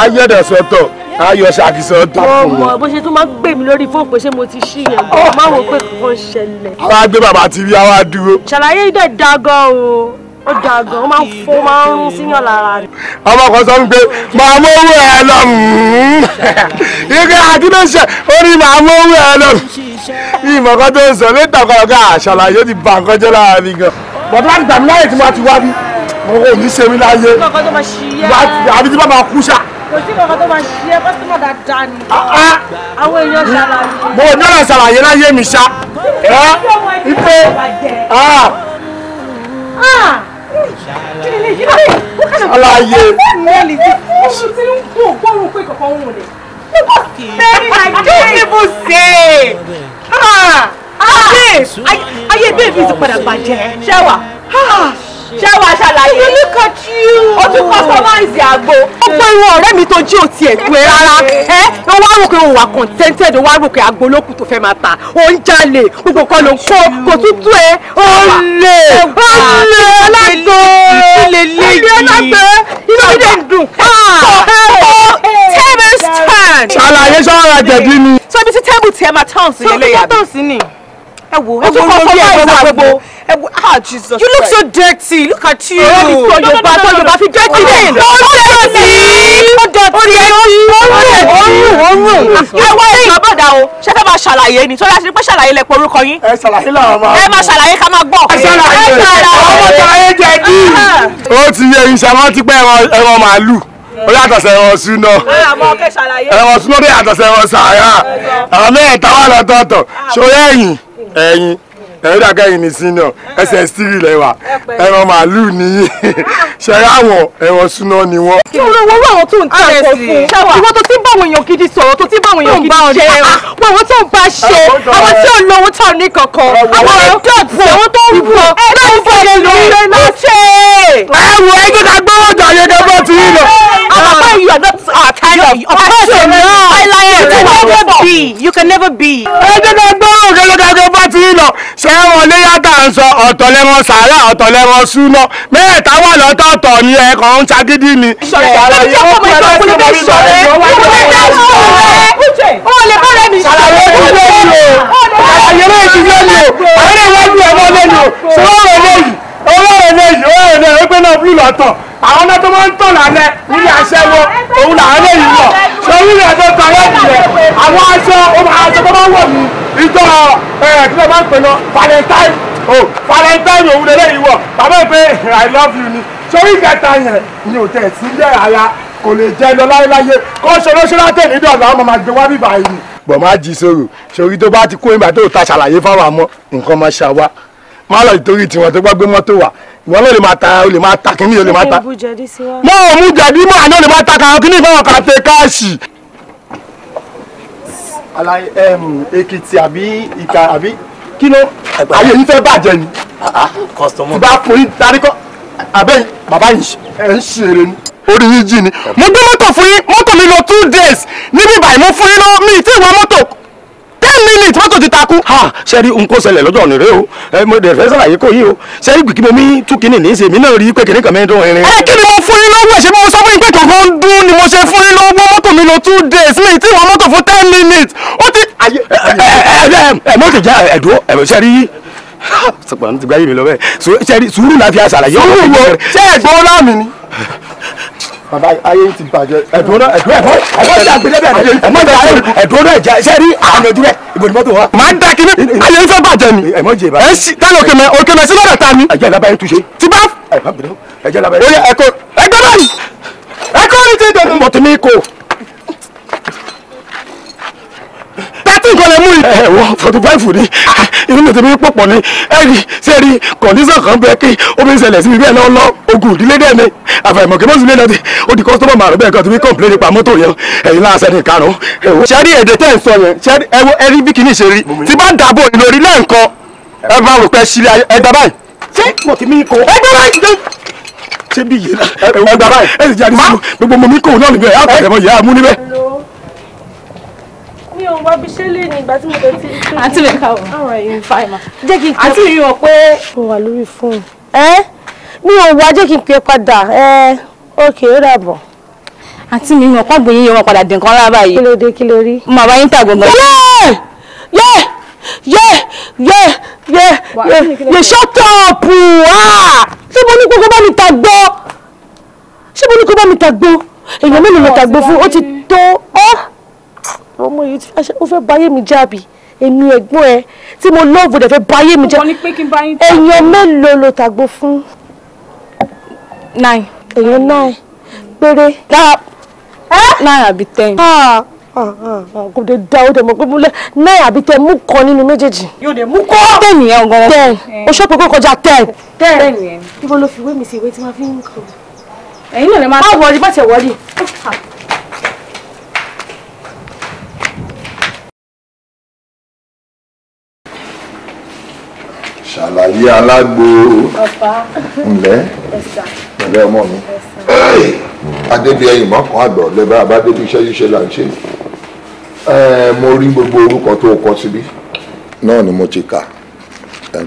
ayé dẹ̀ sọ́tọ̀ ayọ̀ ṣàkísọ tó fún mi. ọmọ bó ṣe tún máa gbé mi lórí fóònù pé ṣé mo ti ṣí yẹn bọ́ máa wò pé kankan ṣẹlẹ̀. àwa gbé bàbá ti rí àwa dúró. ṣàlàyé ìdẹ̀ da gan o ó da gan ó máa ń fó máa ń rún síyàn lára rẹ̀. ọmọ kan sọ pé màá mú owó ẹ lọ ike àdínlẹsẹ ó ní màá mú owó ẹ lọ ìmọ̀ kan tó ń sọ létà kan ọ̀gá ṣàlàyé ti bà nǹkan jẹ́ lára mi gan bọ̀dọ̀ àgbà mi láyè tí mo kò sí kankan tó máa ṣe ẹ kọ́sítọ́mà dáadáa ni. Ah, ah. àwọn èèyàn ṣàlàyé. mo ò yọ̀rọ̀ ṣàlàyé láyé mi ṣá. ẹ ipe alaye. Ah ah! mo ṣe? ayé ah. bẹ́ẹ̀ mi ti padà bàjẹ́ Ah ṣé wàá ṣàlàyé o tún hmm. customize àgbo. ó pé ìwọ ọ̀rẹ́ mi tó jí ò tiẹ̀ tó ẹ rárá ẹ ó wá rò pé òun wà contented ó wá rò pé àgbo olókùn tó fẹ́ máa ta ó ń jalè gbogbo kan ló ń kó kò tún tú ẹ ó lè ó lè alágbó ilé alágbó inú mi dùn. table stand. ṣàlàyé sọ́ra jẹ̀bi ni. sọ ibi tí table tiẹ̀ máa tán sí lélẹ́yàbí. ẹ wo ẹ wo lórí ẹ̀rọ Ah, Jesus You look so dirty. Look at you. Oh, no, no, no, no, no, no. Fi dirty then. Oh, so oh, dirty. So oh, dirty. Oh, dirty. Oh, no, oh, no. Ah, ẹ wá ẹ̀ka bọ̀dà o. Ṣé fẹ́ máa ṣàlàyé ni? Sọ́dá ṣe pé ṣàlàyé lẹ porúkọ yín. Ẹ ṣàlàyé làwọn máa. Ẹ máa ṣàlàyé ká máa gbọ́. Ẹ ṣàlàyé. Ẹ ṣàlàyé. Ọmọ tàyé jẹ̀dí. Ó ti yẹ ìṣàmọ́ ti pẹ́ ẹran màálù ó yàtọ̀ sí ẹ̀wọ̀n súná ẹ̀wọ̀n súná ó yàtọ̀ sí ẹ̀wọ̀n sàárà àwọn mẹ́ẹ̀ẹ́ta wà lọ́tọ̀ọ̀tọ̀ ah. ṣó yẹ ẹ̀yìn ẹ̀yìn ẹ̀rọ dàgẹ́ yìí ní sínú ẹsẹ̀ stírì lẹ́wà ẹran màálùú nìyí ṣẹ̀rẹ̀ àwọn ẹran súná ni wọ́n. kí ló wọ́n wọ́n tó ń ta kò fún ìwọ́n tó ti ń bá àwọn èèyàn gidi sọ̀rọ̀ tó ti ń bá àwọn èèyàn gidi jẹ́ wọn àwọn tó ń bá ṣe àwọn tí ò lówó tà ní kankan àwọn ọ̀dọ́ọ̀tì àwọn tó ń bọ̀ lóun fẹ́ lè lò ilé náà ṣe. ẹ wo ẹgbẹ́ ká gbọ́wọ́ jà yẹn dẹ́ bọ́ ti yín lọ. ọ̀pọ̀ ìyá náà ọ̀pọ̀ ìyá náà ti ń lọ sẹ́wọ̀n léyà tá à ń sọ ọ̀tọ̀ lẹ́wọ̀n sàárà ọ̀tọ̀ lẹ́wọ̀n súná mẹ́ẹ̀ta wà lọ́tọ̀ọ̀tọ̀ ni ẹ kàn ń ṣagídí ni. àwọn ọmọ máa ń tàn lálẹ́ nílé aṣẹ́wó òun làwọn eléyìí lọ ṣé orílẹ̀-èdè kan yóò jẹ àwọn aṣọ ọmọ aṣọ tó máa ń mí ìjọ ẹ̀ kí ló máa ń pè ná valentine o valentine òun lélẹ́ ìwọ̀ bàbá ìpè i love you ni sórí ìkẹta yẹn ni ò tẹ̀ sí ilé ara kò lè jẹ lọ láéláyé kó ṣòro ṣe láti èdè ọ̀la ọmọ máa gbé wá bíbá yìí ni. bọ̀ má jí sòrò sórí tó bá ti kó ìgbà tó ta ṣàlàyé fáwọn àmọ́ nǹkan máa ṣá wa má lọ ìtorí tiwọn tó gbàgbé mọ́tò wa ìwọ náà lè máa ta o lè máa ta kínní o lè máa ta. mo ò mú jẹ̀dí mọ́ àná lè máa ta kàkínní fáwọn kàtẹ́ káàṣì èkìtì àbí ìka àbí kí ló ayé yìí fẹ́ bàjẹ́ ni tí bá fún yín darí kọ́ abẹ́ bàbá yìí ẹ̀ ń ṣeré ni orí yìí jì ni mo gbé mọ́tò fún yín mọ́tò mi lọ two days níbi ìbàyìí mo fún yín lọ mi ì tí ì wọ mọ́tò one minute mọ́tò ti takú. ha sẹ́rí n kò ṣẹlẹ̀ lọ́jọ́ ọ̀nì rẹ o ẹ mo dẹ̀ fẹ́ sàlàyé kò yí o sẹ́rí gbìkì mi mi tú kíni ní í ṣe mi náà rí pé kíní kan mi dùn irin. ẹ kí ni mo fún yín lọ́wọ́ ẹ̀ṣẹ̀ mo sọ fún yín pé kankan ń dún ni mo ṣe fún yín lọ́wọ́ mọ́tò mi lọ two days mi ti wọ́n mọ́tò fún ten minutes ó ti. ẹ mọ́tò jẹ́ ẹ̀dùn ẹ̀ sẹ́rí sọ̀pọ̀ àti gbáyé mi lọ bẹ́ẹ̀ sẹ́rí sùúrù la fi àṣàlàyé. sùúrù wo ṣé ẹ̀gbọ́n láàmì ni bàbá ayé ti bàjẹ́ ẹ̀dùn náà ẹ̀dùn ẹ̀dùn ẹ̀dùn ẹ̀dùn ẹ̀dùn ẹ̀dùn ẹ̀mọ́ ìjà ayé ẹ̀dùn náà ẹ̀jẹ̀ ṣe rí àwọn ojú rẹ̀ ibo ni mọ́tò wa. màá da kí ni ayé fẹ́ bàjẹ́ ni ẹ̀mọ́ jẹ bá. ẹ̀sì tẹ́lẹ̀ òkèmẹ òkèmẹ sí lọ́dọ̀ ta ni. ẹ̀jẹ̀ labayé tu ṣe. ti bá. ẹ̀jẹ̀ labayé. ẹ̀kọ́ ẹ̀gbẹ́ báyìí ẹ̀kọ́ ni ti dẹ̀ lè mú ìtọ́. ẹ wọ forty five ni ah. Ah, inú mi ti fi pọ̀pọ̀ ni ẹ rí ṣe rí kọ̀ndíṣàn kan bẹ kí omi ṣẹlẹ̀ sí bẹ́ẹ̀ lọ́wọ́ ogun ìdílé dẹ́ mi àfàìmọ̀ kí mọ́sùn lé lọ́dẹ ó di kọ́sítọ́mọ̀ màrún bẹ́ẹ̀ kan ti fi kọ́ǹpìlẹ́ nípa mọ́tò yẹn ẹ̀yin láàṣẹ ní ìkarùn-ún. sẹ́rí èdè tẹ́ ń sọ yẹn ẹ̀rí bí kìíní ṣe rí tí bá dàbò ìlórí lẹ́ǹkan ẹ bá rò pé sílẹ̀ ẹ̀dá báyìí. ṣé mo ti mí kọ. ẹgbẹ́ báyìí ṣé bí yìí ẹ̀dá báyìí. ẹ ò wá bí ṣe lè ní ìgbà tí mo tẹ̀ tí. àǹtí mi káwọ jẹ́ kí n pẹ́ àǹtí mi rò pé. mo wà lórí fóònù ẹ mi ò wá jẹ́ kí n pè padà ẹ ok ó dàbọ̀. àǹtí mi mọ̀ pàgbé yín yẹn wọn padà dín kan lára yìí. kí ló dé kí ló rí. mo máa bá yín tàgbọ̀ mọ́. yẹ́ẹ̀ yẹ́ẹ̀ yẹ́ẹ̀ yẹ́ẹ̀ yẹ́ẹ̀ shut up ah ṣé mo ní kókó bá mi tàgbọ́ ṣé mo ni kókó bá mi tàgbọ́ èèyàn mélòó lọ tàgbọ́ fún ó ti tó ọ́ ọmọ yìí ti fẹ́ ó fẹ́ báyé mi jábì èmi ẹ̀gbọ́n ẹ tí mo lọ́ọ̀bù dẹ̀ fẹ́ báyé mi jábì èèyàn mélòó ló tàgbó fún. nine. èèyàn nine péré. nine àbí ten. kò dé da ó dẹ̀ mọ̀ pé mo lẹ́ nine àbí ten mú kan nínú méjèèjì. yóò dé mú kọ́. ten yẹn gan. ten o ṣọ́ọ̀pù kò kọjá ten. ten yẹn. ibo ló fi ìwé mi sí ìwé tí wọ́n fi ń kọ. ẹ̀yin náà lè máa. báwo ni bá tẹ̀ wọ́ọ̀lì. ṣàlàyé alágbo ǹlẹ́ ǹlẹ́ ọmọ mi adébí ẹyìn mọ́kàn àgbọ̀ lẹ́bà abádébí iṣẹ́ ṣíṣe là ń ṣe mo rí gbogbo orúkọ tó kọ síbí náà ni mo ti kà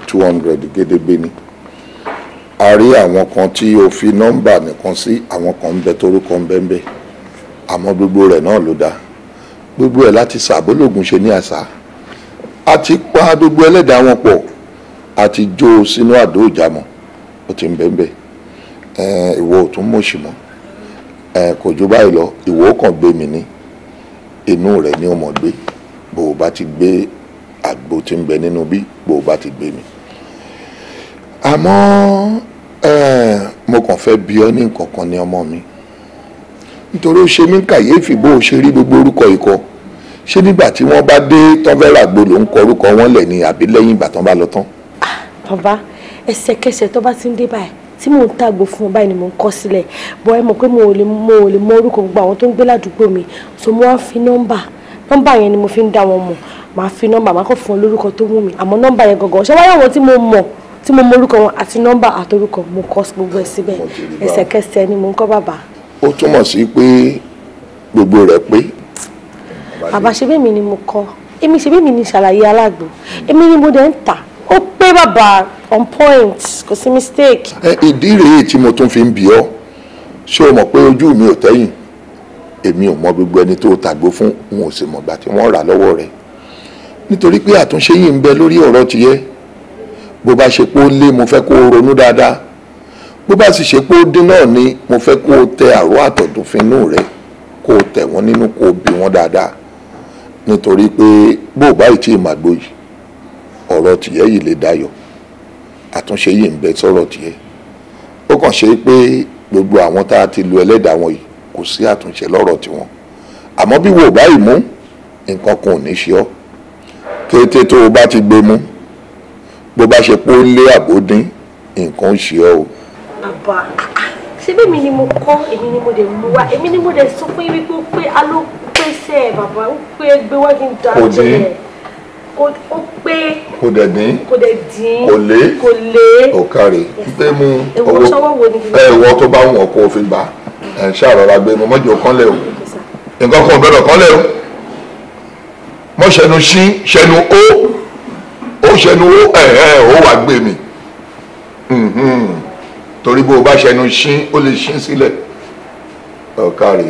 two hundred gédégbé ni a rí àwọn kan tí o fi nọ́mbà nìkan sí àwọn kan ń bẹ torúkọ ń bẹ ń bẹ àmọ́ gbogbo rẹ̀ náà ló dáa gbogbo ẹ̀ láti sàbólògùn ṣe ní àṣà àti pa gbogbo ẹlẹ́dàá wọn pọ̀ àti jó sínú àdó ìjàmọ̀ ó ti ń bẹ́ẹ̀ bẹ́ẹ̀ ìwọ ò tún mọ̀ọ́sì mọ́ kò ju báyìí lọ ìwọ ó kàn gbé mi ní inú rẹ̀ ni ó mọ̀ gbé bó o bá ti gbé àgbo tí ń bẹ nínú bí bó o bá ti gbé mi. àmọ́ mo kàn fẹ́ bi ọ́ ní nǹkan kan ní ọmọ mi nítorí ó ṣe mí kàyéfì bó o ṣe rí gbogbo orúkọ ikọ̀ ṣé nígbà tí wọ́n bá dé tán fẹ́ ń kọ orúkọ wọn lẹ̀ ni àbí lẹ́yìn ìgbà tán bá lọ tán kan bá ẹsẹ̀kẹsẹ̀ tó bá ti ń dé báyìí tí mò ń tàgbo fún un báyìí ni mò ń kọ sílẹ̀ bọ́ ẹ mọ̀ pé mo ò lè mo ò lè mọ orúkọ gbogbo àwọn tó ń gbé ládùúgbò mi so mo wá fi nọ́mbà nọ́mbà yẹn ni mo fi ń dá wọn mọ̀ màá fi nọ́mbà màá kàn fún wọn lórúkọ tó wù mí àmọ́ nọ́mbà yẹn gangan ṣé wọ́n yà wọ́n tí mo mọ̀ tí mo mọ orúkọ wọn àti nọ́mbà àtorúkọ mo kọ gbogbo ẹ̀ síbẹ̀ ẹsẹ̀kẹsẹ̀ ni mo ń kọ́ bàbá. ó túmọ̀ sí pé gbogbo rẹ̀ pé. bàbá ṣebí mi ni mo kọ èmi ṣebí mi ni ṣàlàyé alágbó èmi ni mo dẹ̀ ń tà dé bàbá on point kò sí mistake. ìdí rèé tí mo tún fi ń bi ọ́ ṣé o mọ̀ pé ojú mi ò tẹ́yìn èmi ò mọ gbogbo ẹni tó tàgbó fún wọn ò sì mọ̀ gbà tí wọ́n rà lọ́wọ́ rẹ̀ nítorí pé àtúnṣe yìí ń bẹ lórí ọ̀rọ̀ tìyẹ bó bá ṣe pé ó lé mo fẹ́ kó o ronú dáadáa bó bá sì ṣe pé ó dín náà ni mo fẹ́ kó o tẹ àrò àtọ̀dúnfinú rẹ kó o tẹ̀ wọ́n nínú kó o bí wọ́n dáadáa nítorí pé bó o bá ì tí ì màgbó yìí ọ̀rọ̀ tìyẹ́ yìí lè dayọ̀ àtúnṣe yìí ń bẹ sọ̀rọ̀ tìyẹ́ ó kàn ṣe pé gbogbo àwọn tá a ti lu ẹlẹ́dàá wọn yìí kò sí àtúnṣe lọ́rọ̀ tiwọn àmọ́ bí wo báyìí mú nǹkan kan ò ní ṣe ọ́ kété tó o bá ti gbé mú bó bá ṣe pé ó lé àbódín nǹkan ń ṣe ọ́ o. bàbá síbí mi ni mo kọ́ èmi ni mo dẹ̀ mú wá èmi ni mo dẹ̀ sọ pé wípé ó pé aló pèsè bàbá ó pé gbé wá kí n dá jẹ́ ẹ̀ ó pé kò dẹ̀ dín kò dẹ̀ dín kò lé kò lé kò kárí gbé mu owó ẹ̀wọ́ tó bá wọ̀n kó o fi gbà ẹ̀ ń ṣàrọ̀ra gbé mu kan lẹ̀ o nǹkan kan gbọ́dọ̀ kan lẹ̀ o mọ́ ṣẹnu sí ṣẹnu ó ó ṣẹnu ó ẹ̀ ó wà gbé mi torí bó o bá ṣẹnu sí ó lè sí sílẹ̀ ọ̀kárí.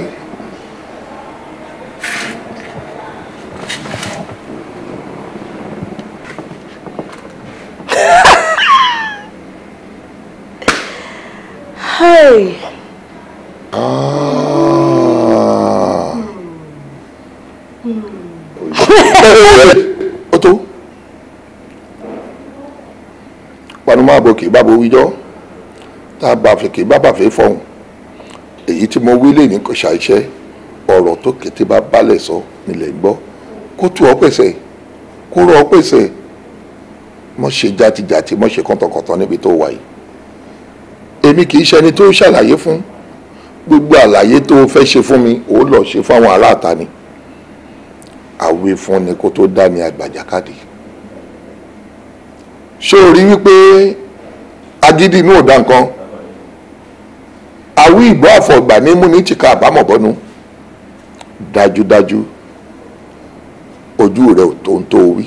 Hey! Ah. Hmm. Ó tó. Panu máa bọ̀ kì bá bo wíjọ́. Tá a bá fi kì bá bàfẹ́ fọ̀hún. Èyí tí mo wí lè ní kò ṣàìṣẹ́. Ọ̀rọ̀ tó kété bá balẹ̀ sọ nílẹ̀ ń Kó tu ọ pèsè. Kó rọ ọ pèsè. Mo ṣe jatijati, mo ṣe kọ́ntọ̀kọ̀ntọ̀ níbi tó wà yìí èmi kì í ṣẹni tó ṣàlàyé fún gbogbo àlàyé tó fẹ́ ṣe fún mi ó lọ ṣe fún àwọn aláàta ni àwé fún ni kó tó dá mi àgbàjàkadì ṣé o rí wípé agídí inú ò dá nǹkan àwí ìgbọ́ àfọ̀gbà ní múni tìka àbámọ̀ bọ́nu dájúdájú ojú rẹ ò tó ń tó wí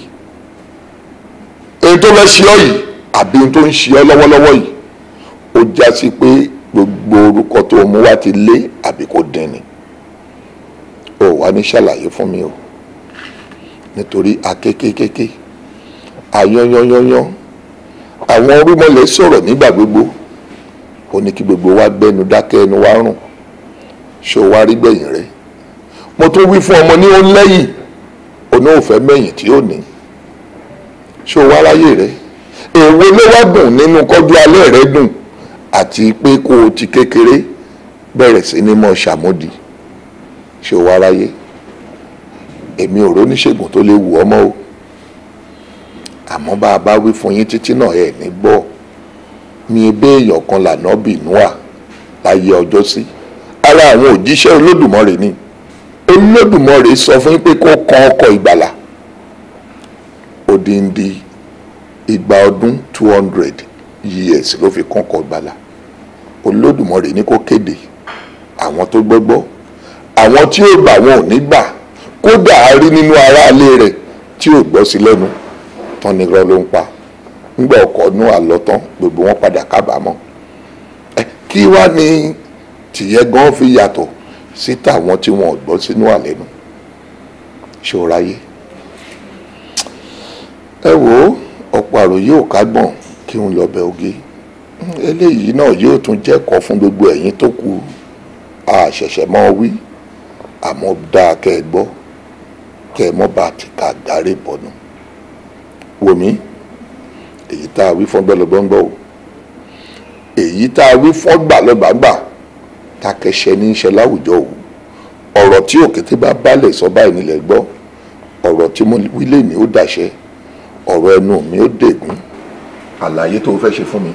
èyí tó lọ ṣe ọ yìí àbí ohun tó ń ṣe ọ lọ́wọ́lọ́wọ́ yìí já sí pé gbogbo orúkọ tó mú wá ti lé àbí kò dín ni ò wá ní ṣàlàyé fún mi o nítorí akékékéké àyanyanyanyan àwọn orúmọlẹ̀ sọ̀rọ̀ nígbà gbogbo ó ní kí gbogbo wa gbẹnu dákẹ́ ẹnu wa rùn ṣé o wá rí gbẹ̀yìn rẹ mo tún wí fún ọmọ ní ó ń lẹ́yìn òun ò fẹ́ tí ó ní ṣé o wá ráyè rẹ èwo ló wá dùn nínú kọjú alẹ́ rẹ dùn àti pé kó o ti kékeré bẹ̀rẹ̀ sí ní mọ̀ ṣàmódì ṣé o wá ráyé èmi ò róníṣègùn tó lè wù ọmọ o àmọ́ bá a bá wí fún yín títí náà ẹ̀ ní gbọ́ ni ebe èèyàn kan lànà bìnúà láyé ọjọ́ sí ara àwọn òjíṣẹ́ olódùmarè ni olódùmarè sọ fún pé kó kan ọkọ̀ ìgbàlà odindi igba ọdún two hundred years ló fi kan ọkọ̀ ìgbàlà olódùmarè ní kó kéde àwọn tó gbọ́gbọ́ àwọn tí ó gbà wọn ò ní gbà kódà a rí nínú aráalé rẹ̀ tí ò gbọ́ sí lẹ́nu tán ni irọ́ ló ń pa ńgbà ọkọ̀ nú àlọ́tán gbogbo wọn padà kábàámọ̀ ẹ kí wá ni tìyẹn gan fi yàtọ̀ sí tàwọn tí wọn ò gbọ́ sínú àlẹ́nu ṣòráyé ẹ wo ọ̀pọ̀ àròyé ò kágbọ̀n kí n lọ bẹ oge. Okay eléyìí náà yóò tún jẹ́kọ̀ọ́ fún gbogbo ẹ̀yin tó kù àṣẹ̀ṣẹ̀ mọ́ wí àmọ́ dáa kẹ́ ẹ gbọ́ kẹ́ ẹ mọ́ bá ti ká dárí bọ̀nù wòmí èyí tá a wí fún gbẹ́lọ́gbọ́ngbọ́ o èyí tá a wí fún gbàlọ́gbàgbà tá a kẹ́ṣẹ́ ní í ṣe láwùjọ o ọ̀rọ̀ tí òkété bá bálẹ̀ sọ báyìí nílẹ̀ gbọ́ ọ̀rọ̀ tí mo wí lé mi ó dàṣẹ ọ̀rọ̀ ẹnu mi ó dègún àlàyé tó fẹ́ ṣe fún mi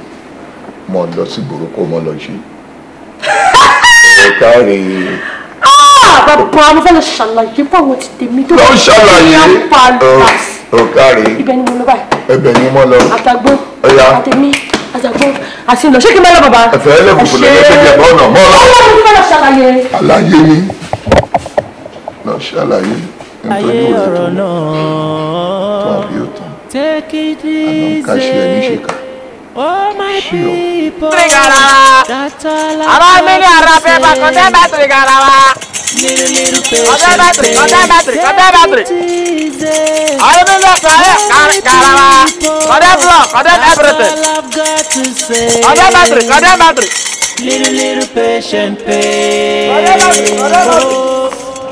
mọ lọ sí ìgboro kó mọ lọ ṣe. ẹ̀ka rè é. bàbá mo fẹ́ lọ ṣàlàyé báwo ti tèmi tó bá ṣàlàyé ọ̀ka rè é. ibẹ̀ ni mo lọ báyìí. ibẹ̀ ni mo lọ. àtàgbọ́n àtẹ̀mí àtàgbọ́n àti ìlọ ṣé kí n bá lọ bàbá. ẹ̀fẹ̀ ẹlẹ́bùkún lẹ́yìn ẹ̀fẹ̀ ọ̀nà mọ́ lọ. ọlọ́run mo fẹ́ lọ ṣàlàyé. àlàyé mi lọ ṣàlàyé nítorí òtítọ́ tàbí òtọ́ àlọ́ ká ṣe ẹni ṣe kà. Oh my people. Trigarawa. Àwọn mi ní ara fẹ́ bá kọ́tẹ́ bá Trigarawa. Kọ́tẹ́ bá Tri kọ́tẹ́ bá Tri kọ́tẹ́ bá Tri. Àwọn mi lọ sọ ayé Karawa. Kọ́tẹ́ blọ̀ kọ́tẹ́ everything. Kọ́tẹ́ bá Tri kọ́tẹ́ bá Tri. Little little patient patience. Kọ́tẹ́ bá Tri kọ́tẹ́ bá Tri.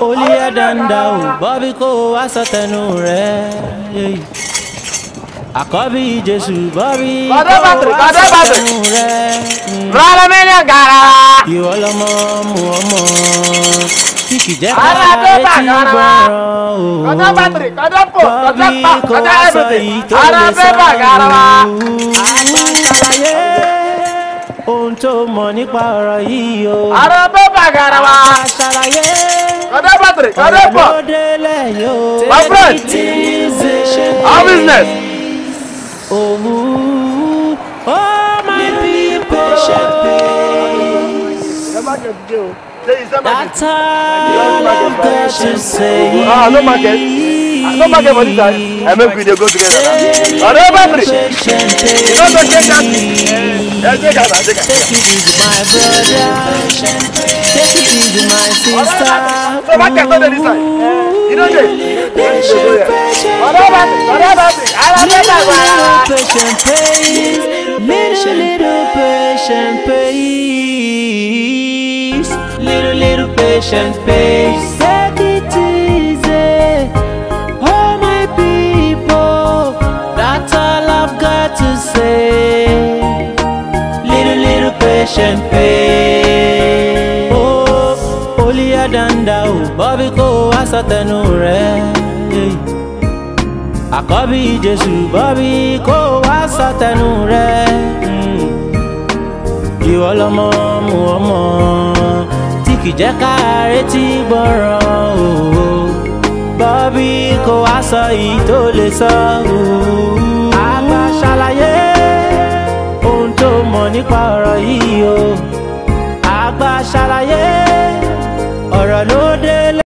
Olùyẹ̀ dandan ò bọ́bí kó wá sọ tẹnu rẹ̀ àkọ́bí jésù bọ́rí ọ̀sán rẹ̀. rọ́lá mílíọ̀n gara. ìwọ lọmọ mú ọmọ tí kì jẹ́ ká etí gbọ́ràn o. kọ́bí kò wá sọ yìí tó lè sọ ohun tó mọ̀ nípa ọ̀rọ̀ yìí o. ara bó bàgàrà wa. aṣàlàyé. kọ́dọ̀ bàtìrì kọ́dọ̀ pọ̀. ọ̀rọ̀ ló délẹ̀ yóò. my friend. our business. Oh, oh my people shall That time of God shall say. Ah, no market. Ah, no market for this time. I make we go together. I ah, don't buy free. You Take it easy, my brother. Take it easy, my sister. No market for this time you no dey ọ̀rẹ́ Little little patient pace, little little patient pace. Take it easy, oh my people. That's all I've got to say. Little little patient pace olíyá adanda, o bọ́bí kó o wá sọtẹnu rẹ̀. àkọ́bí jésù bọ́bí kó o wá sọtẹnu rẹ̀. ìwọ lọmọ mú ọmọ tí kì jẹ́ ká retí gbọ́rọ̀ o. bọ́bí kó o wá sọ tó lè sọ o. àgbà ṣàlàyé ohun tó mọ̀ nípa ọ̀rọ̀ yìí o. àgbà ṣàlàyé. Paranoid